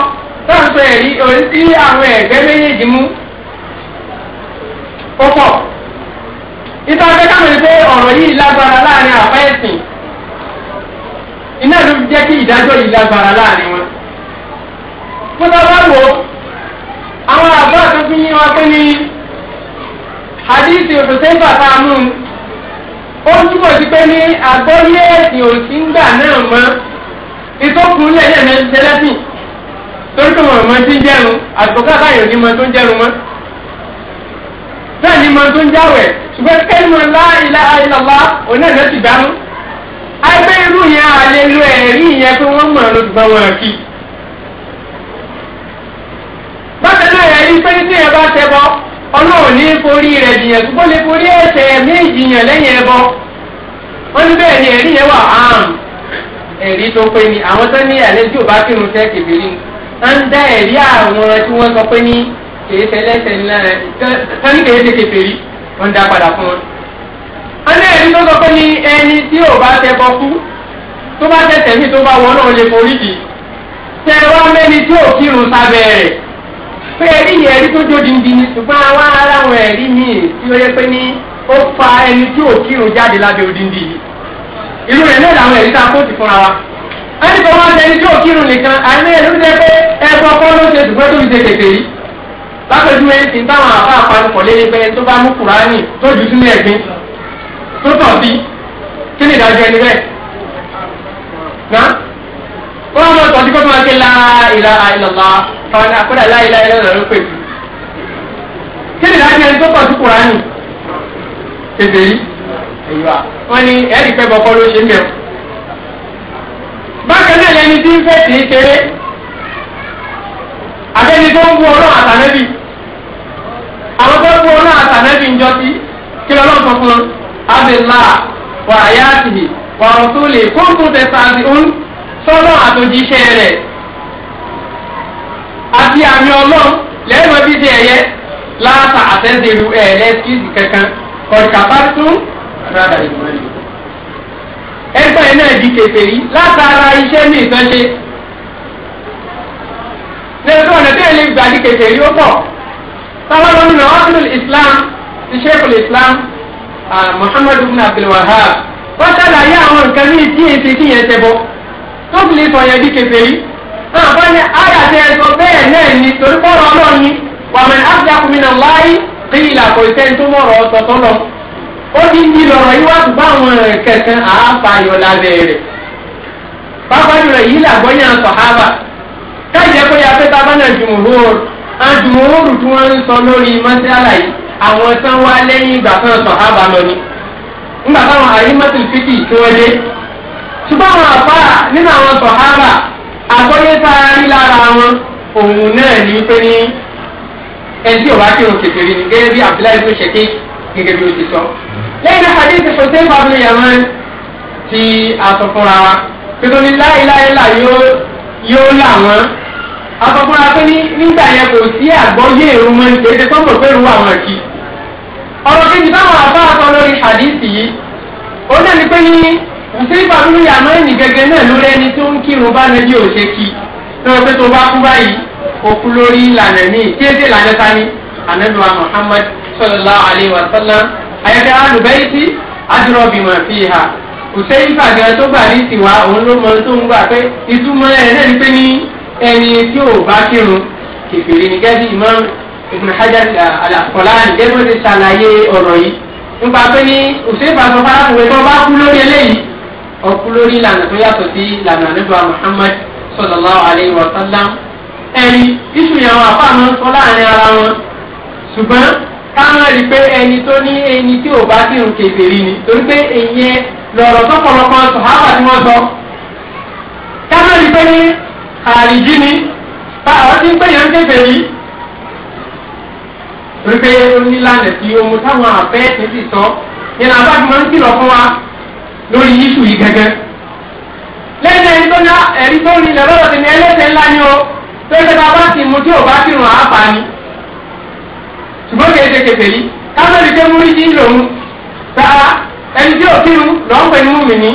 táwọn ń sọ ẹ̀rí orí àwọn ẹ̀gbẹ́ méjèèjì mú ó pọ̀ ìta yìí lágbára láàrin àbá ẹ̀sìn iná ló jẹ́ kí ìdájọ́ yìí lágbára láàrin wọn. fúnta bá wò ó àwọn àbá tó fi yín wọn pé ní hadithi òṣèṣẹ́ bàbá mú ó túbọ̀ sí pé ní àgbọ́yé ẹ̀sìn òsì ń gbà náà mọ́ ìtọ́kùnrin lẹ́yìn ẹ̀mẹ́sì tẹ́lẹ́sìn torí pé wọ́n mọ tí ń jẹ́rùn àtùkọ́ káyọ̀ ní mọ tó ń jẹ́rùn mọ́. bẹ́ẹ̀ ma mo tó ń jáwẹ̀ ṣùgbọ́n kẹ́lìmọ̀ la ilaha illallah oní ẹ̀rọ ti dánú. ẹgbẹ́ irú yẹn àlè lu ẹ̀rí yẹn pé wọ́n mọ̀ lójú bá wọn kí. bụ náà ẹ̀rí pé tí ẹ bá tẹ bọ́ ọlọ́run ní forí rẹ̀ jìyàn ṣùgbọ́n lè forí ẹbọ. wọ́n ní ni ẹ̀rí yẹn wà áàmù. ẹ̀rí tó pé ni àwọn tó kèé tẹlẹsẹ̀ ńlá rẹ̀ tán kèé ṣe kèfèrí wọ́n dá padà fún wọn. wọ́n ní ẹ̀rí tó sọ pé ní ẹni tí ò bá tẹ̀kọ̀ kú tó bá tẹ̀sẹ̀ mí tó bá wọ náà lè forí jì tẹ wá mẹ́ni tí ò kírun sábẹ́ rẹ̀ pé ẹ̀rí yẹn ẹ̀rí tó jó dindi ni ṣùgbọ́n àwa ara wọn ẹ̀rí míì tí ó yẹ pé ní ó fa ẹni tí ò kírun jáde lábẹ́ odindi yìí irú rẹ̀ náà làwọn ẹ̀rí tá a kó ti fúnra wa ẹni tó wá tẹni tí ò kírun nìkan àìmọye lápẹjú ẹ ti táwọn àfa àparùkọ lélẹ pé tó bá mú kùránì tó jù sínú ẹ̀gbin tó tọ̀ sí kí ni ìdájọ́ ẹni bẹ́ẹ̀ ná ó wà lọ tọ́jú kótó máa ké láìlà àìlọ́lá fana kódà láìlà àìlọ́lá ló pè sí kí ni ìdájọ́ ẹni tó tọ̀ sí kùránì tètè yìí wọn ni ẹ̀ẹ́dì pẹ́ bọ́kọ́ ló ṣe ń bẹ̀rù bákan náà lẹni tí ń fẹ́ tì í kéré àtẹni tó ń bu ọlọ́run àtànẹ́bì àwọn tó ń bu ọlọ́run àtànẹ́bì ń jọtí kí lọ́lọ́ sọ fún un abẹ́lá wà áyáàtì wà rọ̀túlì kóńtù tẹ̀sán ń sọ́lọ́ àtòjíṣẹ́ rẹ̀ àti àmì ọlọ́run lẹ́nu ẹbí ti ẹ̀yẹ láàtà àtẹ́sẹ̀lú ẹ̀ lẹ́sìkìsì kankan kọ̀ọ̀kàfà tún rárá ìgbọ́n yìí ẹgbẹ́ iná ìdíkẹ̀tẹ̀ yìí látara iṣẹ́ ní ìtọ́ṣe ìgbà ní kẹfẹ́ yóò pọ̀ sábà lónìí náà wàhálà islam ti sheikh islam muhammad ibn abdul wahab wọ́n ṣàlàyé àwọn nǹkan ní ìdí èsì kí yẹn ṣẹbọ tó fi lè sọ̀yẹ́ di kẹfẹ́ yìí náà bá ní àyàtẹ̀ ẹ̀sọ́ bẹ́ẹ̀ náà ni torí pọ̀rọ̀ ọlọ́run ni wàmẹ̀ abdulkumina láyé kí ìlà kò sẹ́ni tó mọ̀rọ̀ ọ̀sọ̀ tọ́lọ ó ti ń di lọ́rọ̀ yìí wá bá àwọn kẹ̀kẹ́ àáfàá yọ lábẹ́ rẹ̀ bàbá yìí làgbọ́yàn sọ̀hábà káyọ̀ pé afẹ́fẹ́ abánà jùmùhóòrù àjùmùhóòrù tí wọ́n ń sọ lórí mọ́sálà yìí àwọn tán wá lẹ́yìn ìgbà kan sọ̀hábà lọ ni ńgbà táwọn àyímọ́tò fíkì tí wọ́n dé ṣùgbọ́n àwọn àfá nínú àwọn sọ̀hábà àgbọ́yé tá a rí lára wọn òun náà ní pé ní ẹni tí òwá kékeré ni gẹ́gẹ́ bí Abdullahi tó ṣe ké gẹ́gẹ́ bí o ti sọ. lẹ́yìn náà hadith hussein babu yaman ti asọ fúnra wa pẹ̀lú ní láìláìlá yóò là wọ́n àkọ́kọ́ra pé nígbà yẹn kò sí àgbọ́yé ìrun mọ́ ní kéde tó ń pè pẹ̀lú àwọn ẹ̀kí. ọ̀rọ̀ kejì táwọn àbá àtọ lórí àdìsí yìí ó náà ní pé ní ìṣèlúfà lórí àmọ́ ẹ̀nì gẹ́gẹ́ náà lórí ẹni tó ń kírun bá lẹ́bí ò ṣe kí lọ́wọ́ pé tó bá kú báyìí òkú lórí ìlànà ní ìkéde ìlànà sani anabiwa Muhammad sallallahu alayhi wa sallam ayẹ̀dẹ̀ alùbẹ́yìí adúrọ̀bì wọn fi hà kùsẹ́yìn fàgẹ́ tó gbà ní tiwa òun ló mọ tó ń ẹni tí ò bá kírun kìfìrí ni gẹ́gẹ́ Imam Ibn Hajar eh, al-Asqalani gẹ́gẹ́ bó ti ṣàlàyé ọ̀rọ̀ yìí nípa pé ní òṣèlú àti ọ̀fáráfùwé tó bá kú lórí eléyìí ọkú lórí ìlànà tó yàtọ̀ sí ìlànà nígbà Muhammad sallallahu alayhi wa sallam ẹni iṣu yẹn wọn àfa máa ń sọ láàrin ara wọn ṣùgbọ́n káwọn rí pé ẹni tó ní ẹni tí ò bá kírun kìfìrí ni torí pé ìyẹn lọ̀rọ̀ tó pọ̀lọpọ̀ sọ̀hábà tí wọ́n sọ káwọn rí pé ní àríjí ni àwọn tí ń pè yẹn ń kéde yìí wípé onílànà tí ohun táwọn àfẹ́ẹ̀sì sì sọ yẹn náà bá fi máa ń kìlọ̀ fún wa lórí yíṣù yìí gẹ́gẹ́ lẹ́yìn ẹni tó ná ẹ̀rí tó rí lẹ̀ lọ́dọ̀ tèmi ẹlẹ́sẹ̀ ńlá ni o tó ṣe bá bá ti mu tí ò bá ti rùn àápa ni ṣùgbọ́n kìí ṣe kẹfẹ́ yìí kámẹ́rì tẹ́ mú rí sí lòun ta ẹni tí ò kírun lọ́ọ́ pẹ̀lú mi ní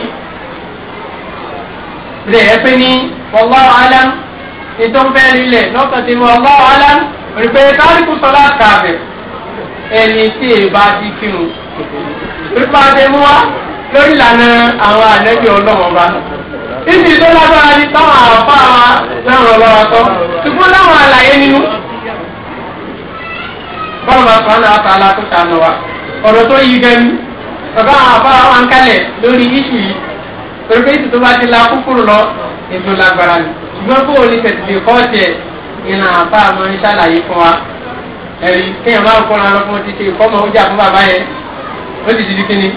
rẹ̀ ẹ pé ní wallahu alam ètò ń fẹ́ lílẹ̀ lọ́sàn tí wallahu alam rìpé tárìkù sọlá kàbẹ̀ ẹni tí èèbá ti kírun rìpá ti mú wa lórí ìlànà àwọn ànẹ́bí ọlọ́mọba títí tó lágbára ní táwọn àbá wa láwọn ọlọ́wà kọ́ ṣùgbọ́n láwọn àlàyé nínú bọ́ọ̀lù máa sọ náà ta aláàtò sànù wa ọ̀rọ̀ tó yí gan ni bàbá àwọn àbá wa ń kalẹ̀ lórí iṣu yìí pẹ̀lú pé bá ti la kúkúrú lọ ètò lágbára ni ṣùgbọ́n bó o ní tẹ̀sílẹ̀ kọ́ọ̀tẹ̀ ìlànà àbá àmọ́ ń ṣàlàyé fún wa ẹ̀rí kéèyàn máa ń kọ́ra lọ fún ti ṣe ìkọ́mọ oúnjẹ àfún bàbá yẹn ó ti di kíni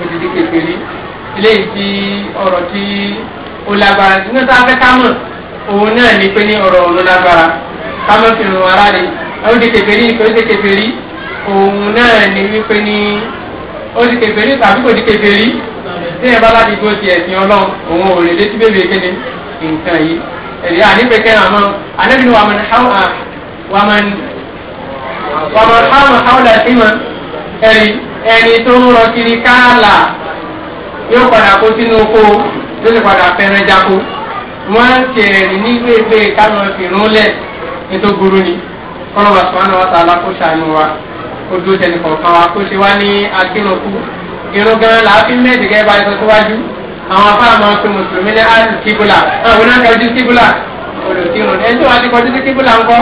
ó ti di kékeré eléyìí ti ọ̀rọ̀ tí ó lágbára ṣùgbọ́n tá a fẹ́ òun náà ní pé ní ọ̀rọ̀ òun lágbára ká fi ràn ara rẹ̀ ó di kékeré ó di kékeré òun náà ní wípé ní ó di kékeré tàbí kò di kékeré tí ẹ bá láti dúró ti ẹ̀sìn ọlọ́run òun ò lè dé sí bèbè kéde nǹkan yìí ẹ̀rí àníbẹ̀kẹ́ àmọ́ anábìnrin wa máa hàn wa máa wa máa hàn hàwùlà sí wọn ẹ̀rí ẹni tó ń rọ kiri káàlà yóò padà kó sínú oko yóò sì padà fẹ́ràn jáko wọ́n ń ṣe ẹ̀rí ní gbègbè káwọn fìrún lẹ̀ nítorí gbúrú ni kọ́nà bàtúmánà wa ta alákóṣà nù wa ó dúró tẹnìkọ̀ọ̀kan wa kó ṣe wá ní akínokú irun gan la fi méjì gẹ́gẹ́ bá ẹsẹ̀ síwájú àwọn afá máa ń pe mùsùlùmí ní àlù kíbùlà àwọn náà kọjú kíbùlà olùkírun ẹni tí wọ́n ti kọjú sí kíbùlà ńkọ́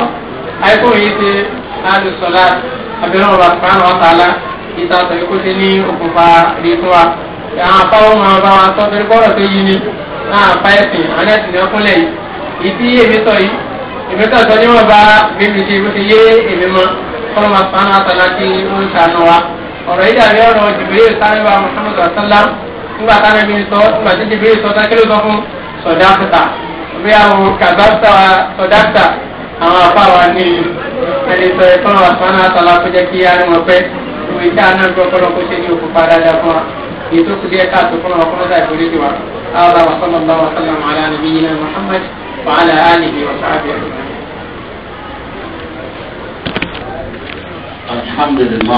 àìkú yìí ti àlù sọ̀lá àbẹ̀rẹ̀ ọ̀rọ̀ àpáná ọ̀tàlá ìta sọ̀rọ̀ ikú sí ní òkùnfà rí fún wa àwọn afá wọn máa bá wọn sọ pé bọ́rọ̀ tó yí ni náà afá ẹ̀sìn àwọn ẹ̀sìn ní ọkúnlẹ̀ yìí ìdí èmi sọ yìí èmi sọ sọ ní wọn bá bíbi ṣe bó ti yé èmi mọ kọ́ ọ̀rọ̀ yìí dàbí ọ̀rọ̀ jìbìrì sanibà muhammadu asálá nígbà táwọn ẹbí sọ nígbà tí jìbìrì sọ tákìlì sọ fún sọdáfítà bí àwọn kàbáfítà sọdáfítà àwọn afáwa ní ẹni sọ ẹ̀kọ́ náà sọ́nà àtàlà kó jẹ́ kí yára wọn pẹ́ ìwé tí a náà gbọ́ kọ́lọ́ kó ṣe ní òkú padà dá fún wa èyí tó kù díẹ̀ káàtó fún wa kọ́lọ́ dà ìforí tiwa. هذا وصلى الله وسلم الحمد لله